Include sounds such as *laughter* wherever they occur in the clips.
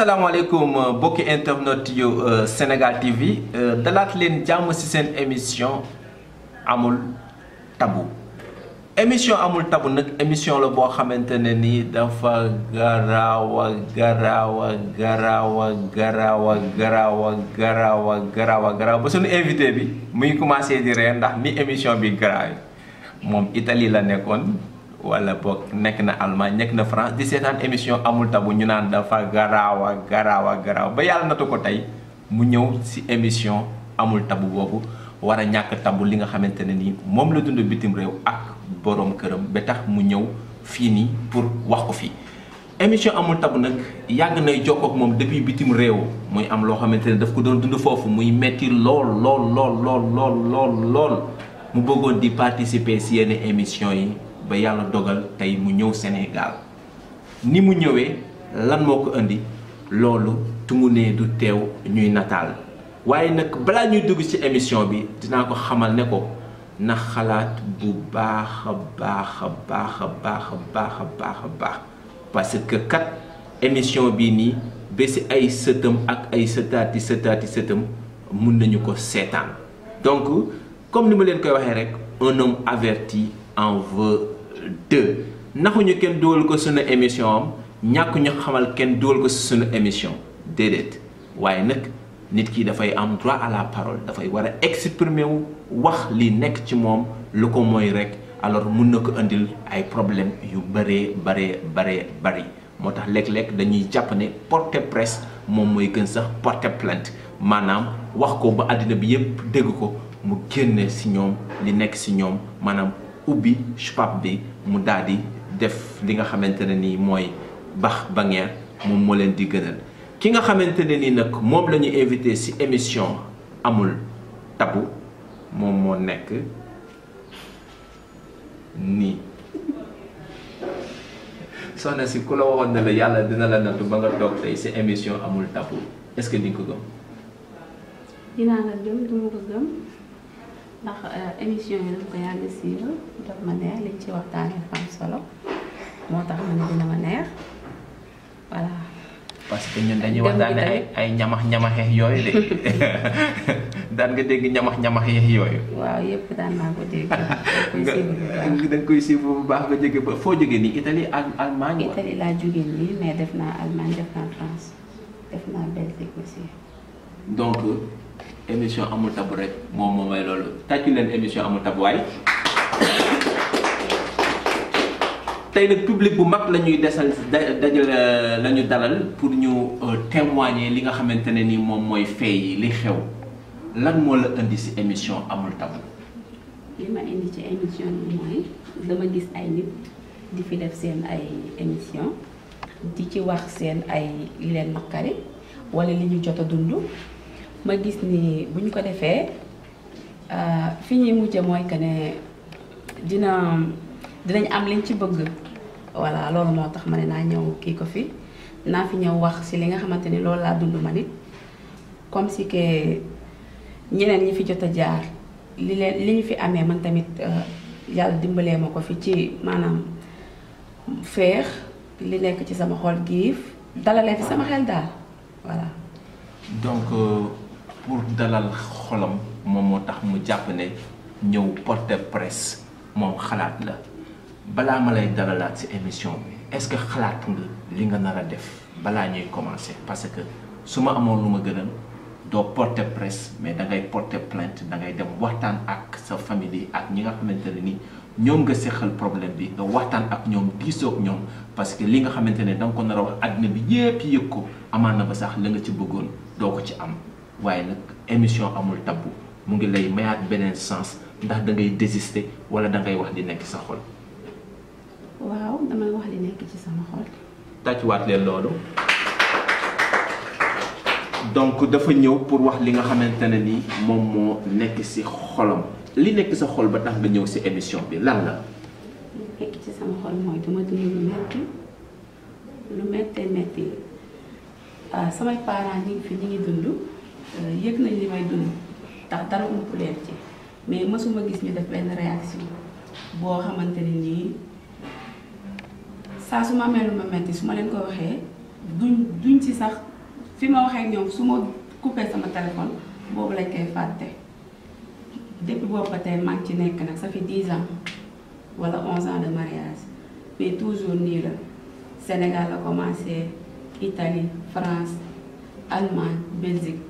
asalaamaaleykum euh, mbokki internet yu euh, Sénégal TV euh, dalaat leen jàmm ci seen émission amul tabu émission amul tabu nag émission la boo xamante ne nii dafa garaawa garaawa garaawa garaawa garaawa garaawa garaawa garaaw ba suñu invité bi muy commencé di ree ndax ni émission bi garaaw moom Italie la nekkoon wala boog nekk na Allemagne nekk na France di seetaan émission amul tabu ñu naan dafa garaaw a garaaw a garaaw ba yàlla natu ko tey mu ñëw si émission amul tabu boobu war a ñàkk tabu li nga xamante ne nii moom la dund bitim réew ak boroom këram ba tax mu ñëw fii nii pour wax ko fii. émission amul tabu nag yàgg nay jokkook moom depuis bitim réew muy am loo xamante ne daf ko doon dund foofu muy metti lool lool lool lool lool lool mu bëggoon di participer si yenn émission yi. ba yàlla dogal tey mu ñëw Sénégal ni mu ñëwee lan moo ko indi loolu Tungune du teew ñuy nataal waaye nag balaa ñuy dugg ci émission bi dinaa ko xamal ne ko na xalaat bu baax a baax a baax a baax a baax parce que kat émission bii nii ba ay sëtam ak ay sëtaati sëtaati sëtam mun nañu ko seetaan donc comme ni ma leen koy waxee rek un homme averti en veut deux naxuñu kenn dugal ko suñu émission am ñàkk ñu xamal kenn dugal ko si suñu émission déedéet waaye nag nit ki dafay am droit à la parole dafay war a exprimer wu wax li nekk ci moom lu ko mooy rek alors mun na ko indil ay problème yu bëree bëree bëree bari moo tax léeg-léeg dañuy jàpp ne porte presse moom mooy gën sax porte plainte maanaam wax ko ba àddina bi yépp dégg ko mu génne si ñoom li nekk si ñoom maanaam ubbi spap bi mu daal def li nga xamantene ni moy bax bangeer moom mo len di gënal ki nga xamantene ni nak mom lañu inviter ci émission amul tabu mom mo n'ek ni. soxna ci ku la waxoon ne la yalla dina la natou ba nga toog ci émission amul tabu est-ce que ni ko gëm. dina la gëm du ko gëm. ndax émission yi dama ko yàgg siiw daf ma neex liñ ci waxtaane dafa am solo moo tax ma ne dina ma neex voilà parce que ñun dañuy waxtaane ay ay ñamax ñamaxe yooyu de daan nga dégg ñamax ñamax yeex yooyu waaw yépp daan naa ko dégg da nga koy siiw bu baax ba jóge ba foo jóge nii Italie ak Allemagne Italie laa jóge nii mais def naa Allemagne def naa France def naa Belgique aussi donc émission amul tabu rek mom moo may loolu tàccu leen émission amul tabu way tey nak public bu mag lañuy ñuy dajal euh, lañu dalal pour ñu euh, témoigner li nga xamante ne ni moom mooy fee yi li xew lan mo la indi ci émission amul tabu. li ma indi ci émission moy dama gis ay nit di fi def seen ay émission di ci wax seen ay li len naqari wala li ñu jot dundu ma gis ni buñ ko defee euh fiñi mujje moy kané dina dinañ am liñ ci bëgg wala loolu moo tax ma ne ñëw ki ko fi na fi ñëw wax ci li nga xamanteni loolu la dund ma nit comme si que ñeneen ñi fi jotta jaar li liñ fi amé man tamit euh yalla dimbalé mako fi ci manam li nekk ci sama xol giif fi sama xel daal voilà donc euh, pour dalal xolam mom motax mu japp ne ñew porte presse mom xalaat la bala ma lay dalalat ci émission bi est ce que xalaat nga li nga nara def bala ñuy commencer parce que suma amon luma gënal do porte presse mais da ngay porte plainte da ngay dem waxtan ak sa famille ak ñi nga xamanteni ni ñom nga sexal problème bi nga waxtan ak ñoom disok ñom parce que li nga xamanteni ne da nga ko nara wax adna bi yépp ko ba sax la nga ci bëggoon do ko ci am waaye nag émission amul tabou mu ngi lay mayaat benen sens ndax da ngay désister wala da ngay wax di nekk sa xol. waaw dama wax li nek ci sama xol. wat leen lolu donc dafa ñew pour wax li nga xamantene ni mom mo nek ci xolam li nek sa xol ba tax nga ñew ci émission bi lan la. nek ci sama xol mooy dama dund lu metti lu mettee metti ah, samay parents ñu fi ñu ngi dund. Eh, yek nañ li may dund tax dara um ko leer ci mais mësuma gis ñu def benn réaction boo xamanteni ni nii saa su ma melu ma metti su ma leen ko waxee duñ duñ ci sax fi ma waxee ñoom su ma coupé sama téléphone boobu lañ koy fàtte depuis boobu ba tey maa ngi ci nekk nag ça fait 10 ans wala 11 ans de mariage mais toujours nii la Sénégal a commencé Italie France Allemagne Belgique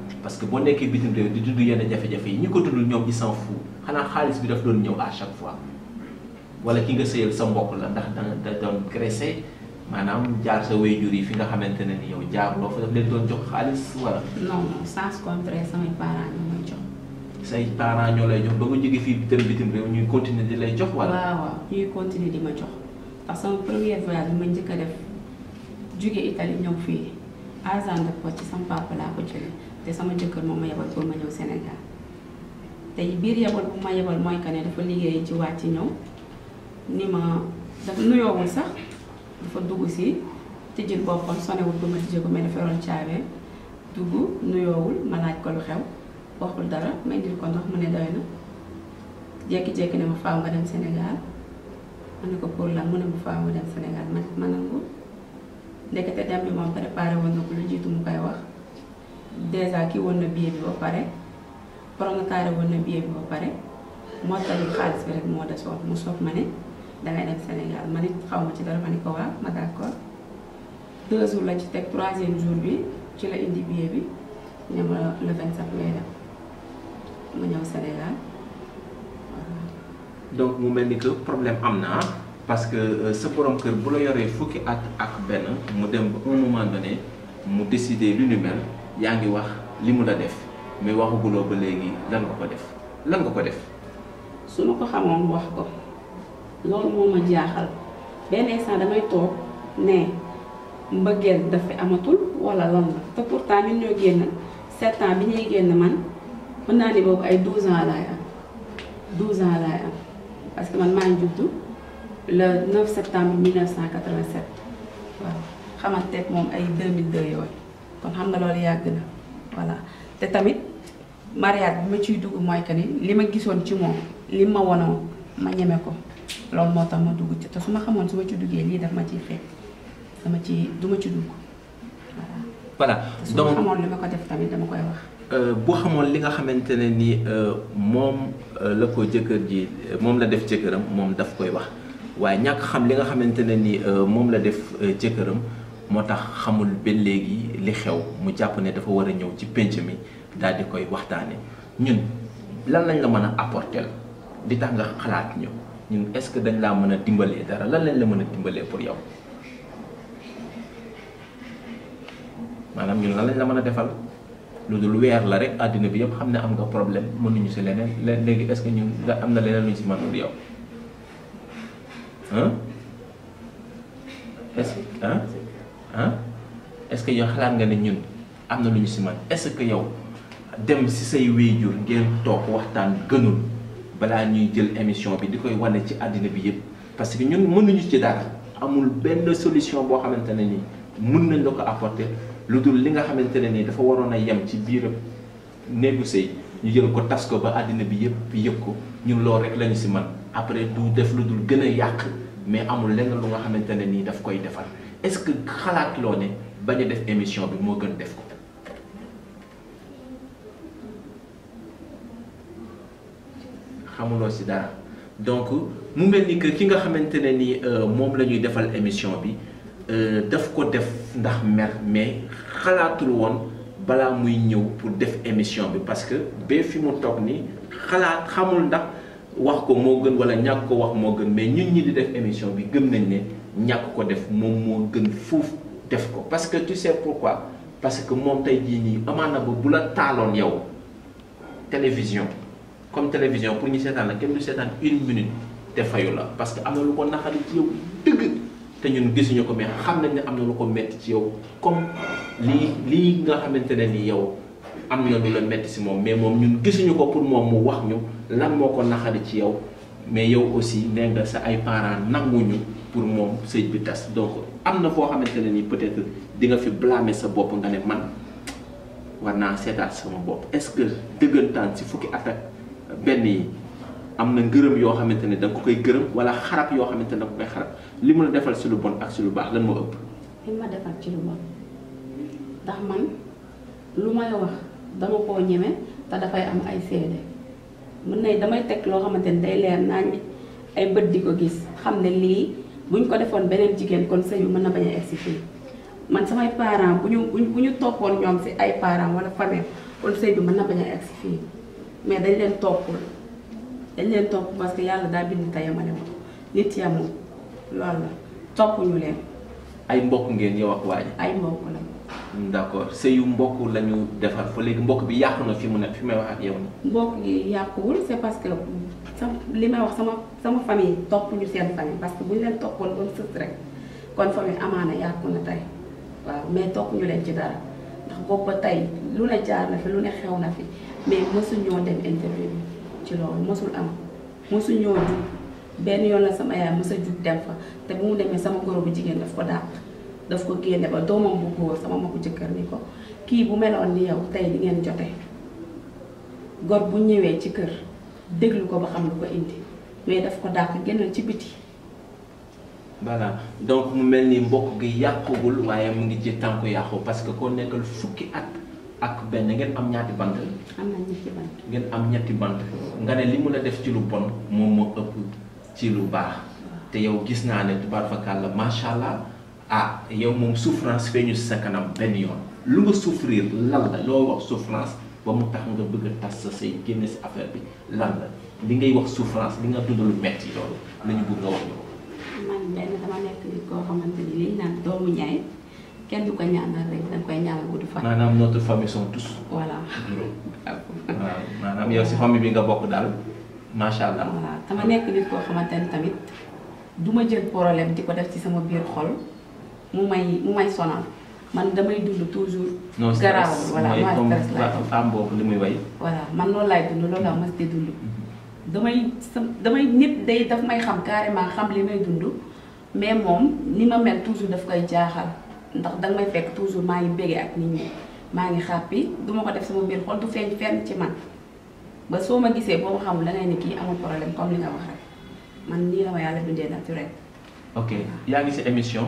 parce que boo nekkee bitim réew di dund yenn jafe-jafe yi ñi ko dund ñoom ils s'en fout xanaa xaalis bi daf doon ñëw à chaque fois wala ki nga sëyal sa mbokk la ndax da da doon graissé maanaam jaar sa waajur yi fi nga xamante ne ni yow jaaruloo fa daf leen doon jox xaalis wala. non non sans contraire samay parents ñoo may jox. say parents ñoo lay jox ba nga jóge fii dem bitim réew ñuy continuer di lay jox wala. waaw waaw ñuy continuer di ma jox parce que njëkk a def te sama jëkkër moom ma yebal pour ma ñëw Sénégal tey biir yebal bu ma yebal mooy que ne dafa liggéey ci wàcc ñëw ni ma dafa nuyoowul sax dafa dugg si tijjil boppam sonewul ba ma tijjee ko mais dafa yoroon caabe dugg nuyoowul ma laaj ko lu xew waxul dara ma indil ko ndox mu ne doy na jékki-jékki ne ma faaw nga dem Sénégal ma ne ko pour lan mu ne ma faaw nga dem Sénégal ma ma nangu ndekete dem bi moom préparé woon na ko lu jiitu mu koy wax. qui billet bi ba paré promotaire billet bi ba tali xaliss bi rek de mu Sénégal ci dara d'accord deux jours la ci troisième jour bi ci la indi billet bi le Sénégal donc mu que problème amna parce que ce euh, borom kër bu la fukki at ak benn mu dem un moment donné mu décider lu ñu mel yaa ngi wax li mu la def mais waxaguloo ba léegi lan nga ko def lan nga ko def. su ma ko xamoon wax ko loolu moo ma jaaxal benn instant damay toog ne mbëggeel dafay amatul wala lan la te pourtant ñun ñoo génn sept bi ñuy génn man mën naa ne boobu ay douze ans laay am douze ans laay am parce que man maa ngi juddu le 9 septembre 1987 waaw xamanteeg moom ay 2002 yooyu. kon xam nga loolu yàgg na voilà te tamit mariage bi ma ciy dugg mooy que ni li ma gisoon ci moom li ma wonoon ma ñeme ko loolu moo tax ma dugg ci te su ma xamoon su ma ci duggee lii daf ma ciy fekk dama ci du ma ci dugg voilà. donc su ma xamoon li ma ko def tamit dama koy wax. Euh, bu xamoon li nga xamante ne ni euh, moom euh, la ko jëkkër ji moom la def jëkkëram moom daf koy wax waaye ñàkk xam li nga xamante ne ni moom la def jëkkëram. moo tax xamul benn léegi li xew mu jàpp ne dafa war a ñëw ci pénc mi daal di koy waxtaane ñun lan lañ la mën a apporter di tax nga xalaat ñëw ñun est-ce que dañ laa mën a dimbalee dara lan lañ la mën a dimbalee pour yow maanaam ñun lan lañ la mën a defal lu dul weer la rek àddina bi yëpp xam ne am nga problème mënuñu si leneen léegi est-ce que ñun nga am na leneen lu ñu si mënul yow ah est-ce que ah est-ce que yow xalaat nga ne ñun am na lu ñu si man est-ce que yow dem si say wéyjur ngeen toog waxtaan gënul balaa ñuy jël émission bi di koy wane ci àddina bi yëpp parce que ñun mënuñu ci dara amul benn solution boo xamante ne nii mun nañ la ko apporter lu dul li nga xamante ne nii dafa waroon a yem ci biir néegu sëy ñu jël ko tas ko ba àddina bi yëpp yëg ko ñun loolu rek lañu si man après du def lu dul gën a yàq mais amul lenn lu nga xamante ne nii daf koy defar est-ce que vous loo ne def émission bi mo gën def ko donc mu mel que ki nga xamantene ni euh, émission bi euh, def ko def ndax mer mais xalaatul won bala muy ñew pour def émission bi parce que ba fi mu tok ni xamul ndax wax ko mo gën mais ñun ñi di def émission bi gëm ñàkk ko def mom mo gën foofu def ko parce que tu sais pourquoi parce que mom tay jii ni amana ba bu la taaloon yow télévision comme télévision pour ñu seetaan la kenn du seetaan une minute te fayu la parce que am na lu ko naxari ci yow deug te ñun gisuñu ko mais xam nañ ne am na lu ko metti ci yow comme li li nga xamante ni yow am na lu la metti ci mom mais mom ñun gisuñu ko pour mom mu wax ñu lan moko ko ci yow mais yow aussi nee nga sa ay parents nanguñu pour mom seigne bi tass donc am fo xamantene ne ni peut être di nga fi blâmer sa bop nga ne man warna sétat sama bop est ce que dëggantaan si fukki at ben yi am ngeureum yo xamantene dang ne ko koy geureum wala xarab yo xamantene ne ko koy xarab li mu la defal ci lu bon ak ci lu bax lan mo ëpp. li ma defal ci lu bon ndax man lu may wax dama ñëmé ta da fay am ay sédé mën nay damay tek lo xamantene ne day leer nañ ay bët di ko gis xamné ne buñ ko defoon beneen jigéen kon sëy bi mën na bañ a egsi fii man samay parent bu ñu bu ñu toppoon ñoom si ay parent wala famille kon sëy bi mën na bañ a egsi fii mais dañ leen toppul dañ leen topp parce que yàlla daa bind te yemale ma nit yamul loolu la toppuñu leen. ay mbokk ngeen yow ak waaj. ay mbokk la. d'accord sëyu mbokk la ñu defar fa léegi mbokk bi yàqu na fi mu ne fi may wax ak yow. mbokk gi yàquwul c'est parce que. sama li may wax sama sama famille topp ñu seen famille parce que bu ñu leen toppoon ba mu sës rek kon famille amaana yàqu na tey waaw mais topp ñu leen ci dara ndax boobu ba tey lu ne jaar na fi lu ne xew na fi mais mosu ñoo dem interview ci loolu mosul am mosu ñoo jug benn yoon la sama yaay mos a jug dem fa te bu mu demee sama goro bu jigéen daf ko dàq daf ko génne ba doomam bu góor sama magu jëkkër ni ko kii bu meloon ni yow tey di ngeen jote gor bu ñëwee ci kër. déglu ko ba xam lu ko indi mais daf ko dàq génnal ci biti. voilà donc mu mel ni mbokk gi yàqugul waaye mu ngi ci tànku yàqu parce que koo nekkal fukki ak ak benn ngeen am ñaati bant. ñetti bant. ngeen am ñetti bant nga ne li mu la def ci lu bon moom moo ëpp ci lu baax te yow gis naa ne tubaarfakàlla macha allah ah yow moom souffrance feeñu sa kanam benn yoon lu nga souffrir lan la loo wax souffrance. ba mu tax nga bëgg tass sa say génne ci affaire bi lan la li ngay wax souffrance li nga dundul metti loolu lañu bëgg wax ñoo man lenn dama nekk nit ko xamanteni li liñ doomu ñaay kenn du ko ñaanal rek da koy ñaanal bu du fa manam notre famille sont tous. voilà. Ah, manam yow ci famille bi nga bokk daal macha allah. voilà dama nekk nit ko xamanteni tamit duma jël problème diko def ci sama biir xol mu may mu may sonal. man damay dund toujours. non garaaw voilà mooy muy way. voilà man loolu laay dund loolu laa mës di dund. Mhm. damay sa damay nit day daf may xam carrément xam li may dund mais moom ni ma mel toujours daf koy jaaxal ndax danga may fekk toujours maa ngi bégee ak nit ñi maa ngi xàppi duma ko def sama mbir xol du feeñ fenn ci man ba soo ma gisee boo ma xamul da ngay kii amul problème comme li nga wax rek man nii la ma yàlla bindee naturel. ok yaa ngi si émission.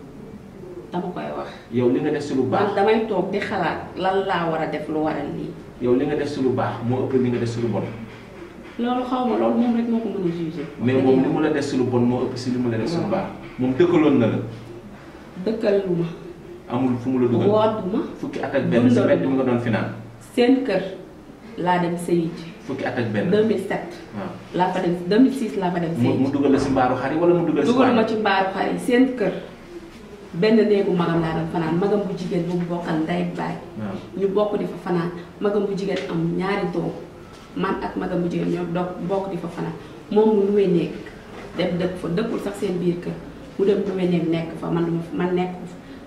dama koy wax. yow li nga def si lu baax man damay toog di xalaat lan laa war a def lu waral lii. yow li nga def si lu baax moo ëpp li nga def si lu bon. loolu xaw ma loolu moom rek moo ko mën a jugé. mais moom li mu la def si lu bon moo ëpp si li mu la def si lu baax. moom dëkkaloon na la. dëkkal lu amul fu mu la dugal wootuma. fukki at ak benn si mbedd mi nga doon finaan. seen kër laa dem sëyi ji. fukki at ak benn 2007. waaw laa fa dem 2006 laa fa dem sëyi ji. mu dugal la si mbaaru xari seen kër. benn néegu magam laa doon fanaan magam bu jigéen bu mu bokkal ndey baay ñu bokk di fa fanaan magam bu jigéen am ñaari doom man ak magam bu jigéen ñoo doog bokk di fa fanaan moom mu luwee néeg dem dëkk fa dëkkul sax seen biir kër mu dem luwee néeg nekk fa man man nekk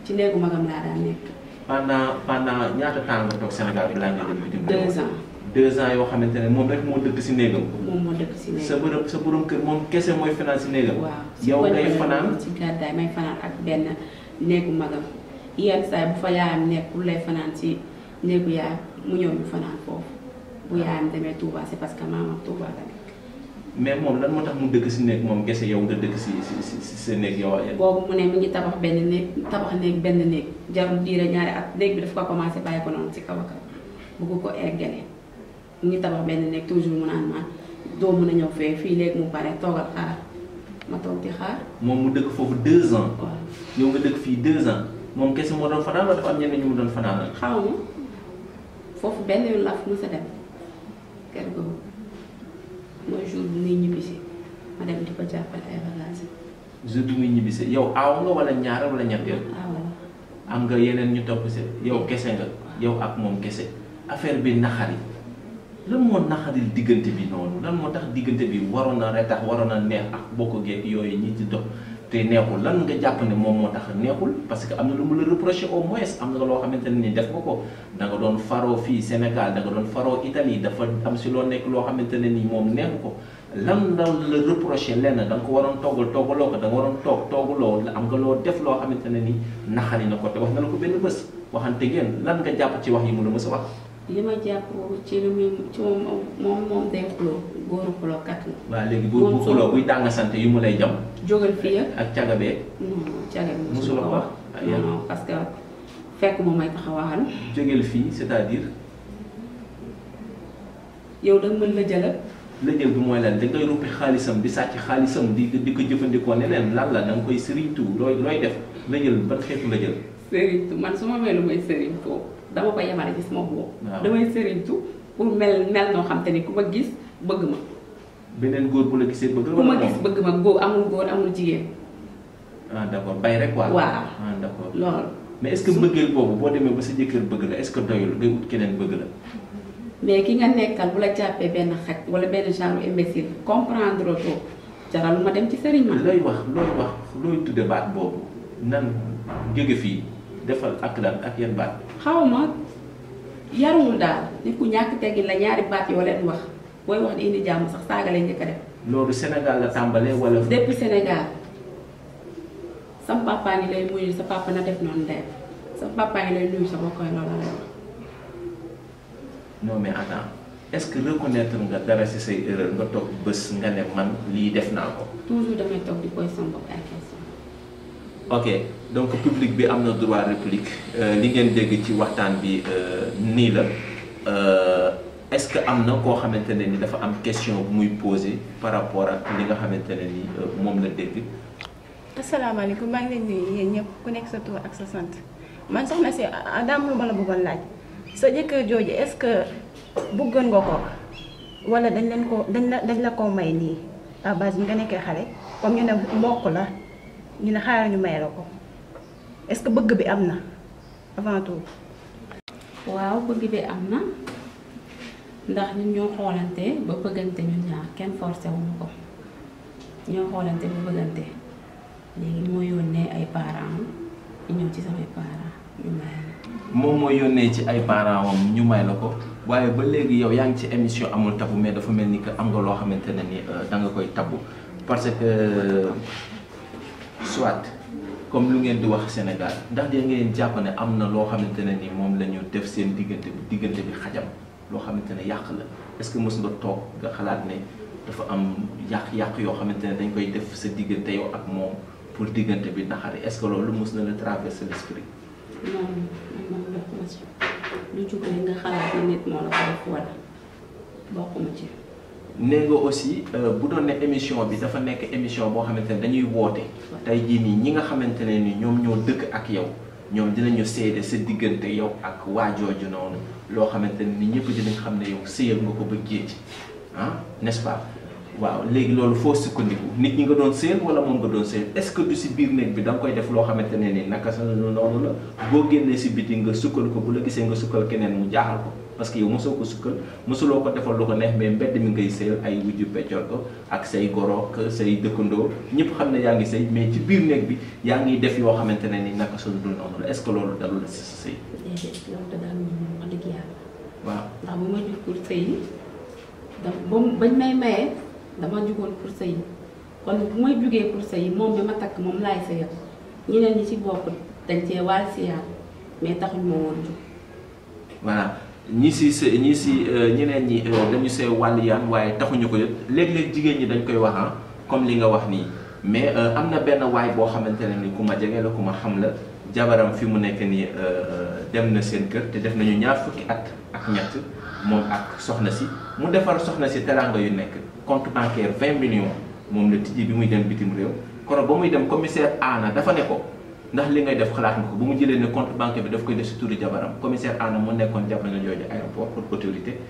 ci néegu magam laa daan nekk. pendant pendant ñaata temps nga toog Sénégal laa nga dem bitim. deux ans. deux ans yoo xamante ne moom rek moo dëkk si néegam. moom moo dëkk si néegam sa borom sa kër moom kese mooy fanaan si néegam. yow ngay fanaan si gàddaay may fanaan ak benn néegu magam yenn saa bu nekkul lay si néegu yaayam mu ñëw ñu fanaan foofu bu yaayam parce que maamam mais moom lan moo tax mu dëkk si néeg moom kese yow nga dëkk si si si sa néeg mi ngi tabax benn tabax néeg benn néeg jarul diire ñaari at néeg bi ko commencé bàyyi ko noonu si kaw a kaw bëgg ko eggale mu ngi tabax benn nekk toujours mu naan maan doo mën ñëw fee fii léegi mu pare toogal xaar ma toog di xaar. moom mu dëkk foofu deux ans. waaw yow nga dëkk fii deux ans moom kese moo doon fanaan wala dafa am ñu mu doon fanaan. xaw ma foofu benn yoon laa fi mës nga yeneen ñu topp si yow kese nga. yow ak moom kese affaire bi naxari. lan moo naxaril diggante bi noonu lan moo tax diggante bi waroon na retax waroon na neex ak bokk geeg yooyu ñi ci dox te neexul lan nga jàpp ne moom moo parce que am na lu mu la reproché au moins am na loo xamante ne ni def nga ko da nga doon faroo fii Sénégal da nga doon faroo Italie dafa am si loo nekk loo xamante ne ni moom neexu ko lan la la reproché lenn da nga ko waroon toggal toggaloo ko da nga waroon toog toggaloo am nga loo def loo ne ni naxari na ko te wax ko benn waxante ngeen lan nga jàpp ci wax yi mu la mës a wax. lima ma ci lu mi ci mom mom mom day goru ko lo kat la. legi léegi bu bu lo buy tàng sante yu mu lay jam. jogal fi ya? ak tiagabe tiagabe musu la ko wax. non parce que fekk mo may taxawal. jogal fi c'est à dire. yow da mën la jëlal. la jël bu moy lan da ngay rupi khalisam di sacc khalisam di di ko jëfëndiko neneen lan la dang koy serigne tou roy roy def la jël ban xeetu la jël. tou man suma melu may tou dama ko yemale ci sama bopp damay sëriñtu pour mel mel no xam te ni gis bëgg ma beneen góor bu la gisee bëgg la kuma gis bëgg ma góor amul goor amul jigen ah d'accord bay rek wa ah d'accord accord mais est ce que bëggeel bobu bo demee ba sa jëkkeur bëgg la est ce que doyul ngay wut keneen bëgg la mais ki nga nekkal bu la jappé ben xat wala ben genre imbécile comprendre to jaral ma dem ci serigne ma looy wax looy wax loy tudde baat bobu nan jóge fi defal ak lan ak yan baat xaw ma yaruwul daal nit ku ñàkk teggin la ñaari baat yoo leen wax booy wax di indi jàmm sax saaga lañ njëkk a def. loolu Sénégal la tàmbalee wala. depuis Sénégal sam papa lay muyu sa papa def noonu ndeyam sa papa yi lay nuyu sa bokk loolu lay wax. mais attends est-ce que reconnaître nga dara ci say erreur nga toog bés nga ne man lii def naa ko. toujours damay toog di koy sama bopp ok donc le public bi droit droit réplique euh, li ngeen ci euh, la euh, est-ce que vous ko xamantene ni dafa am question bu muy poser par rapport à li nga ni mom la ngi ku nekk sa ak sa man lu est-ce que vous nga ko wala dañ leen ko dañ la dañ la comme ñu ne xaaral ñu may la ko est-ce que bëgg bi am na avant tout. waaw bëgg bi am na ndax ñun ñoo xoolante ba bëggante ñun ñaar kenn forcé wuñu ko ñoo xoolante ba bëggante léegi moo yónnee ay parents am ñu may la. moom moo yónnee ci ay parents am ñu may la ko waaye ba léegi yow yaa ngi ci émission amul tabu mais dafa mel ni que am nga loo xamante ne ni euh, danga koy tabu parce que. soit comme lu ngeen di wax Sénégal ndax da ngeen jàpp ne am na loo xamante ne nii moom la def seen diggante bi diggante bi xajam loo xamante ne yàq la est-ce nga toog nga xalaat ne dafa am yàq-yàq yoo xamante ne dañ koy def sa diggante yow ak moom pour diggante bi naxari est loolu mës na la traverser l'esprit. non lu jóg nga xalaat ne nit moo ko def wala bokkuma ci. ne nga aussi euh, bu doon ne émission bi dafa nekk émission boo xamante ne dañuy woote tey jii nii ñi nga xamante ne nii ñoom ñoo dëkk ak yow ñoom dinañu seede sa diggante yow ak waajooju noonu loo xamante ne ni ñëpp dinañ xam ne yow sëyal nga ko ba géej ah n'est-ce pas waaw léegi loolu foo sukkandiku nit ñi nga doon sëyal wala moom nga doon sëyal est-ce que si biir néeg bi da nga koy def loo xamante ne ni naka sa noonu la boo génnee si biti nga sukkal ko bu la gisee nga sukkal keneen mu jaaxal ko parce que yow mosoo ko sukkal mosuloo ko defal lu ko neex mais mbedd mi ngay sëyal ay wujju peccor ko ak sey goroog say dëkkandoo ñëpp xam ne yaa ngi sëy mais ci biir neeg bi yaa ngi def yo xamantene ni naka suñu dul noonu la est ce que loolu dalul la ma pour bañ may maye dama pour kon bu may pour ñeneen ñi ci bokk dañ mais voilà ñi si si ñi si euh, ñeneen ñi euh, dañu see wàll yaan waaye taxuñu ko yëpp léeg-léeg jigéen ñi dañ koy wax ah comme li nga wax nii mais euh, am na benn waay boo xamante ne ni ku ma jege la ku ma xam la jabaram fi mu nekk nii dem na seen kër te def nañu ñaar fukki at ak ñett moom ak soxna si mu defar soxna si teraanga yu nekk compte bancaire 20 millions moom la tijji bi muy dem bitim réew koro ba muy dem commissaire Anna dafa ne ko ndax li ngay def xalaat nga ko bu mu jëlee ne compte banque bi daf koy def si turu jabaram commissaire Anna mu nekkoon jamono jooju aéroport pour autorité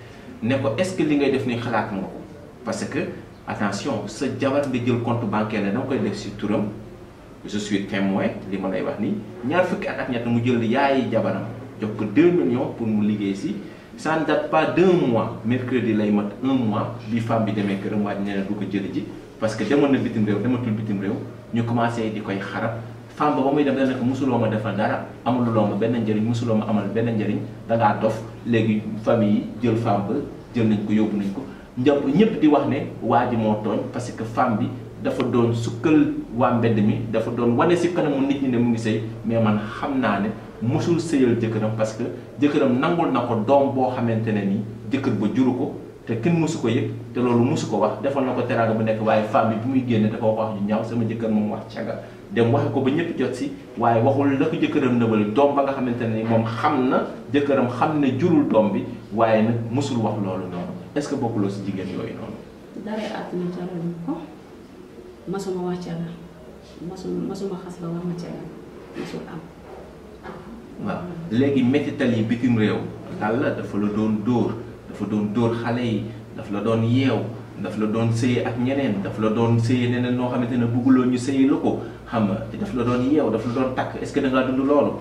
ne ko est-ce que li ngay def ni xalaat nga ko parce que attention sa jabar nga jël compte bancaire la danga koy def si turam je suis témoin li ma lay wax nii ñaar fukki at ak ñett mu jël yaay jabaram jox ko 2 millions pour mu liggéey si ça ne date pas d'un mois mercredi lay mat un mois bi femme bi demee këram waaj nee na du ko jëli ji parce que demoon na bitim réew dematul bitim réew ñu commencé di koy xarab femme ba ba muy dem dana ko mosuloo ma defal dara amululoo ma benn njëriñ mosuloo ma amal benn njariñ dangaa dof léegi famille yi jël femme ba jël nañ ko yóbbu nañ ko njàpp ñëpp di wax ne waa ji moo tooñ parce que femme bi dafa doon sukkal waa mbedd mi dafa doon wane si kanamu nit ñi ne mu ngi sëy mais man xam naa ne mosul sëyal jëkkëram parce que jëkkëram nangul na ko doom boo xamante ne nii jëkkër ba juru ko te kenn mosu ko yëg te loolu mosu ko wax defal na ko teraanga bu nekk waaye femme bi bu muy génne dafa wax wax ñu ñaaw sama jëkkër moom wax caga dem waxe ko ba ñëpp jot si waaye waxul la ko jëkkëram nëbal doom ba nga xamante ne moom xam na jëkkëram xam ne jurul doom bi waaye nag mësul wax loolu noonu est-ce que bokkuloo si jigéen yooyu noonu. daree àdduna jaral ko masuma wax la masuma masuma xas la wax ma ca masul am. waaw léegi métital yi bitim réew. Talla dafa la doon dóor dafa doon dóor xale yi dafa la doon yeew. daf la doon sëyee ak ñeneen daf la doon sëyee neneen noo xamante ne bëgguloo ñu sëyee la ko xam nga te daf la doon yeew daf la doon takk est-ce que da ngaa dund loolu.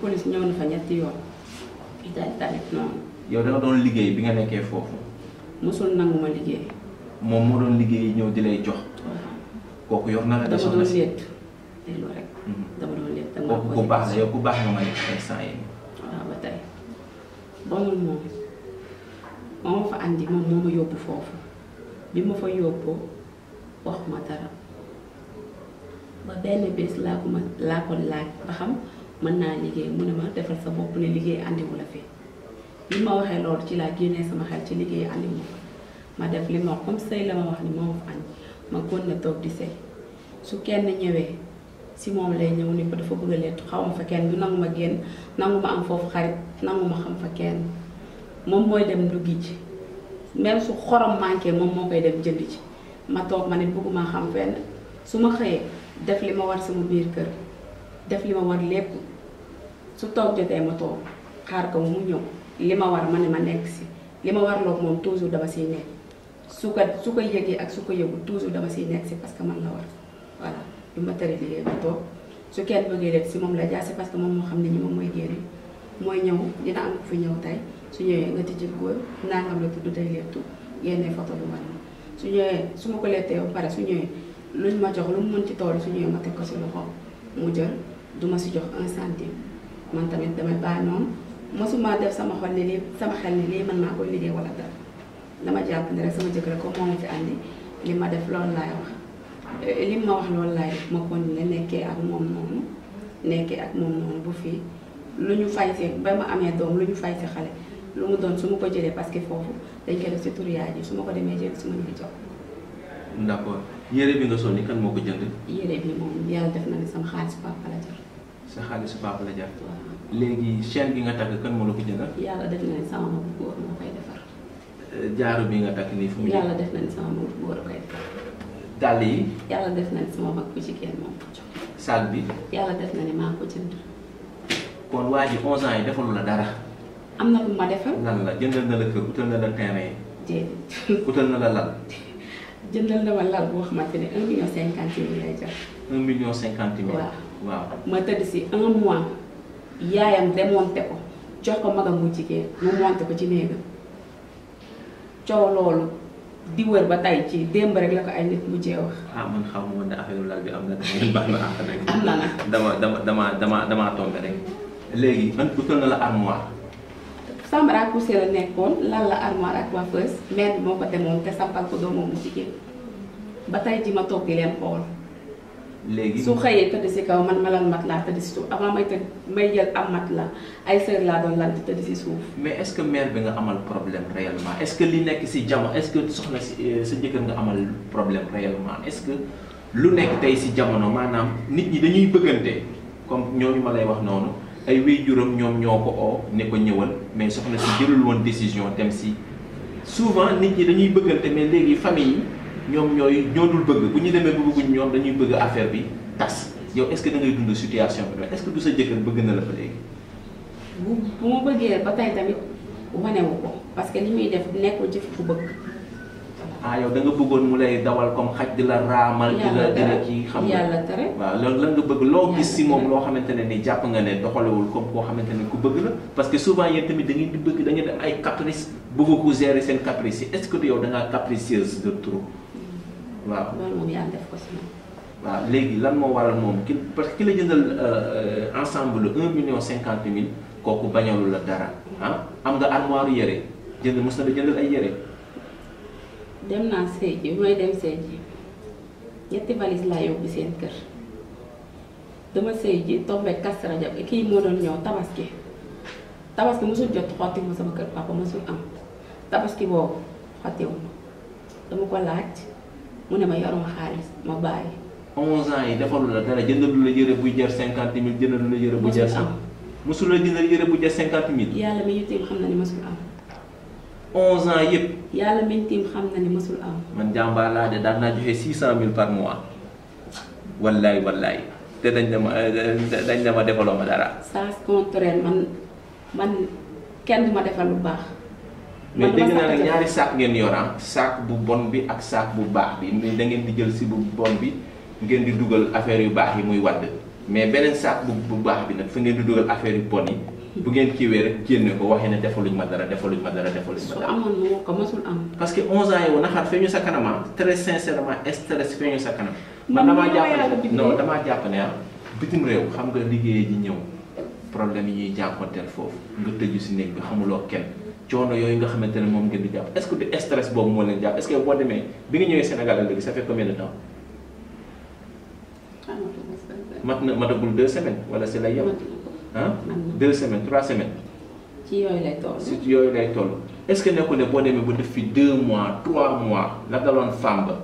police ñëw na fa ñetti yoon yow da doon liggéey bi nga nekkee foofu. mosul nangu liggéey. moom moo doon liggéey ñëw di lay jox. kooku yor na la. dama doon létt déglu rek. Mm-hmm. dama doon létt dama doon kooku ku baax la yow ku baax nga may instant yi. waaw ba tey bonul moom moo fa andi moom moo ma yóbbu foofu bi ma fa yóbbu wax ma dara ba benn bés laa ko ma laa ko laaj ba xam mën naa liggéey mu ne ma defal sa bopp ne liggéey andiwu la fi bi ma waxee loolu ci laa génnee sama xel ci liggéey andiwu ma def li ma wax comme sëy la ma wax ni moo ma fa andi. ma kon na toog di sëy su kenn ñëwee si moom lay ñëw ni ko dafa bëgg a leetu xaw ma fa kenn du nangu ma génn nangu ma am foofu xarit nangu ma xam fa kenn moom mooy dem duggi ji mel su xorom manqué moom moo koy dem jënd ci ma toog ma ne bëgguma xam fenn su ma xëyee def li ma war sama biir kër def li ma war lépp su toog jotee ma toog xaar ko mu ñëw li ma war ma ne ma nekk si li ma war warloog moom toujours dama siy nekk su ko su ko yëgee ak su ko yëgul toujours dama siy nekk si parce que man la war voilà du ma tëri liggéey ba toog su kenn bëggee def si moom la jaar si parce que moom moo xam ne ñi moom mooy génn mooy ñëw dina am fi ñëw tey su ñëwee nga tijjil góor nangam la tudd tey léttu génne photo lu su su ma ko lettee su ñëwee luñ ma jox lu mu mën ci tool su ñëwee ma teg ko si loxo mu jël du ma si jox un centime man tamit damay bàyyi noonu mosuma def sama xol ne lii sama xel ne lii man maa koy liggéey wala dara. dama jàpp ne rek sama jëkkër ko moom fi andi li ma def loolu laay wax euh, li ma wax loolu laay def ma continuer nekkee ak moom noonu nekkee ak moom noonu bu fii lu ñu fay si ba ma amee doom lu ñu fay si xale lu mu doon su ma ko jëlee parce que foofu dañ koy def si tur yaay ji su ma ko demee jël su ma ñu jox. d' yére bi nga sol ni kan moo ko jënd. yére bi moom yàlla def na ne sama xaalis papa la jar. sa xaalis papa la jar. léegi chaîne bi nga takk yàlla def na ne jaaro bi nga takk nii fu mu. yàlla def nañ sama a koy def. dàll yi. yàlla def nañ sama mag bu jigéen moom saag bi. yàlla def na ne maa ko jënd. kon waa ji 11 ans yi defalu la dara. am na lu ma defal. lan la jëndal na la kër utal na la terrain. déedéet. utal na la lal. *laughs* jëndal na ma lal boo xamante ne 1 million 50 mille lay jar. 1 million 50 mille. waaw waaw. ma tëdd si un mois. yaayam démonté ko jox ko magam bu jigéen mu monté ko ci néegam. coow loolu di ba tey ci démb rek la ko ay nit mu wax. ah man xaw ma ne affaire lal bi am na tamit baax na àq rek. am na nag dama dama dama dama rek. léegi man utal na la armoire. chambre à coucher la nekkoon lal la armoire ak coiffeuse mère bi moo ko demoon te sampal ko doomam bu jigéen ba tey ji ma toog leen xool. léegi su xëyee tëdd si kaw man ma mat laa tëdd si suuf avant may tëdd may jël am mat la ay sër laa doon lal tëdd si suuf. mais est ce que mère bi nga amal problème réellement est ce que li nekk si jamono est ce que soxna si euh, sa jëkkër nga amal problème réellement est ce que lu nekk tey si jamono maanaam nit ñi dañuy bëggante comme ñooñu ma lay wax noonu ay waajuram ñoom ñoo ko oo ne ko ñëwal mais soxna si jëlul woon décision dem si souvent nit ñi dañuy bëggante mais léegi famille ñom ñoy ñodul bëgg bu ñu demee bëgg ñom dañuy bëgg affaire bi tass yow est ce que da ngay dund situation bi est ce que du sa jëkkeur bëgg na la fa légui bu bu mu bëggee ba tay tamit wu ko parce que li muy def nekkul ci fu bëgg ah yow da nga bëggoon mu lay dawal comme xaj di la ramal di la di la kii xam nga yàlla tere waaw loolu lan nga bëgg lo gis ci mom lo xamantene ni japp nga ne doxalewul comme ko xamantene ku bëgg la parce que souvent yeen tamit da ngeen di bëgg da ngeen di ay caprice bëgg ko gérer sen caprice est ce que yow da nga capricieuse de trop waaw loolu moom yàlla def ko si moom. waaw léegi lan moo waral moom ki parce que ki la jëndal euh, euh, ensemble un million cinquante mille kooku bañalu la dara ah am nga armoire yére jënd mos na la jëndal ay yére. dem naa seet ji mooy dem seet ji ñetti valise laa yóbbu seen kër dama seet ji tombé Kazu Rajab kii moo doon ñëw tabaski tabaski mosul jot xotti ma sama kër papa mosul am tabaski boobu xottiwu dama ko laaj. mu ne ma yoruma xaalis ma bàyyi. 11 ans yi defarul la dara jëndalu la yëre buy jar 50 mille jëndalu la yëre bu jar. mosul am mosul la jëndal yëre bu jar 50 mille. yàlla mi ñu tiim xam na ni mosul am. 11 ans yëpp. yàlla mi ñu xam na ni mosul am. man jàmbaar laa de daan naa joxe cent mille par mois wallaay wallaay te dañ dama eh, dañ dama defaloo ma dara. sans contraire man man kenn du defal lu baax. mais dégg naa ne ñaari saak ngeen yor ah saak bu bon bi ak saak bu baax bi mais da ngeen di jël si bu bon bi ngeen di dugal affaire yu baax yi muy wadd mais beneen saak bu bu baax bi nag fa ngeen di dugal affaire yu bon yi. bu ngeen kiiwee rek génne ko waxee ne defaluñ ma dara defaluñ ma dara defaluñ ma dara. su amoon moo ko mosul am. parce que 11 ans yow naxaat feeñu sa kanama ah. très sincèrement stress feeñu sa kanam. man damaa jàpp non damaa jàpp ne ah. bitim réew xam nga liggéey ji ñëw problème yi ñuy jànkonteel foofu nga tëju si néeg bi xamuloo kenn coono yooyu nga xamantene ne moom ngeen di jàpp est ce que du stress boobu moo leen jàpp est ce que boo demee bi nga ñëwee Sénégal léegi ça fait combien de temps. mat na matagul deux semaines wala est la yem. ah deux semaines trois semaines. ci yooyu lay toll. si yooyu lay toll est ce que nekkul ne boo demee ba def fi deux mois trois mois la daloon Famba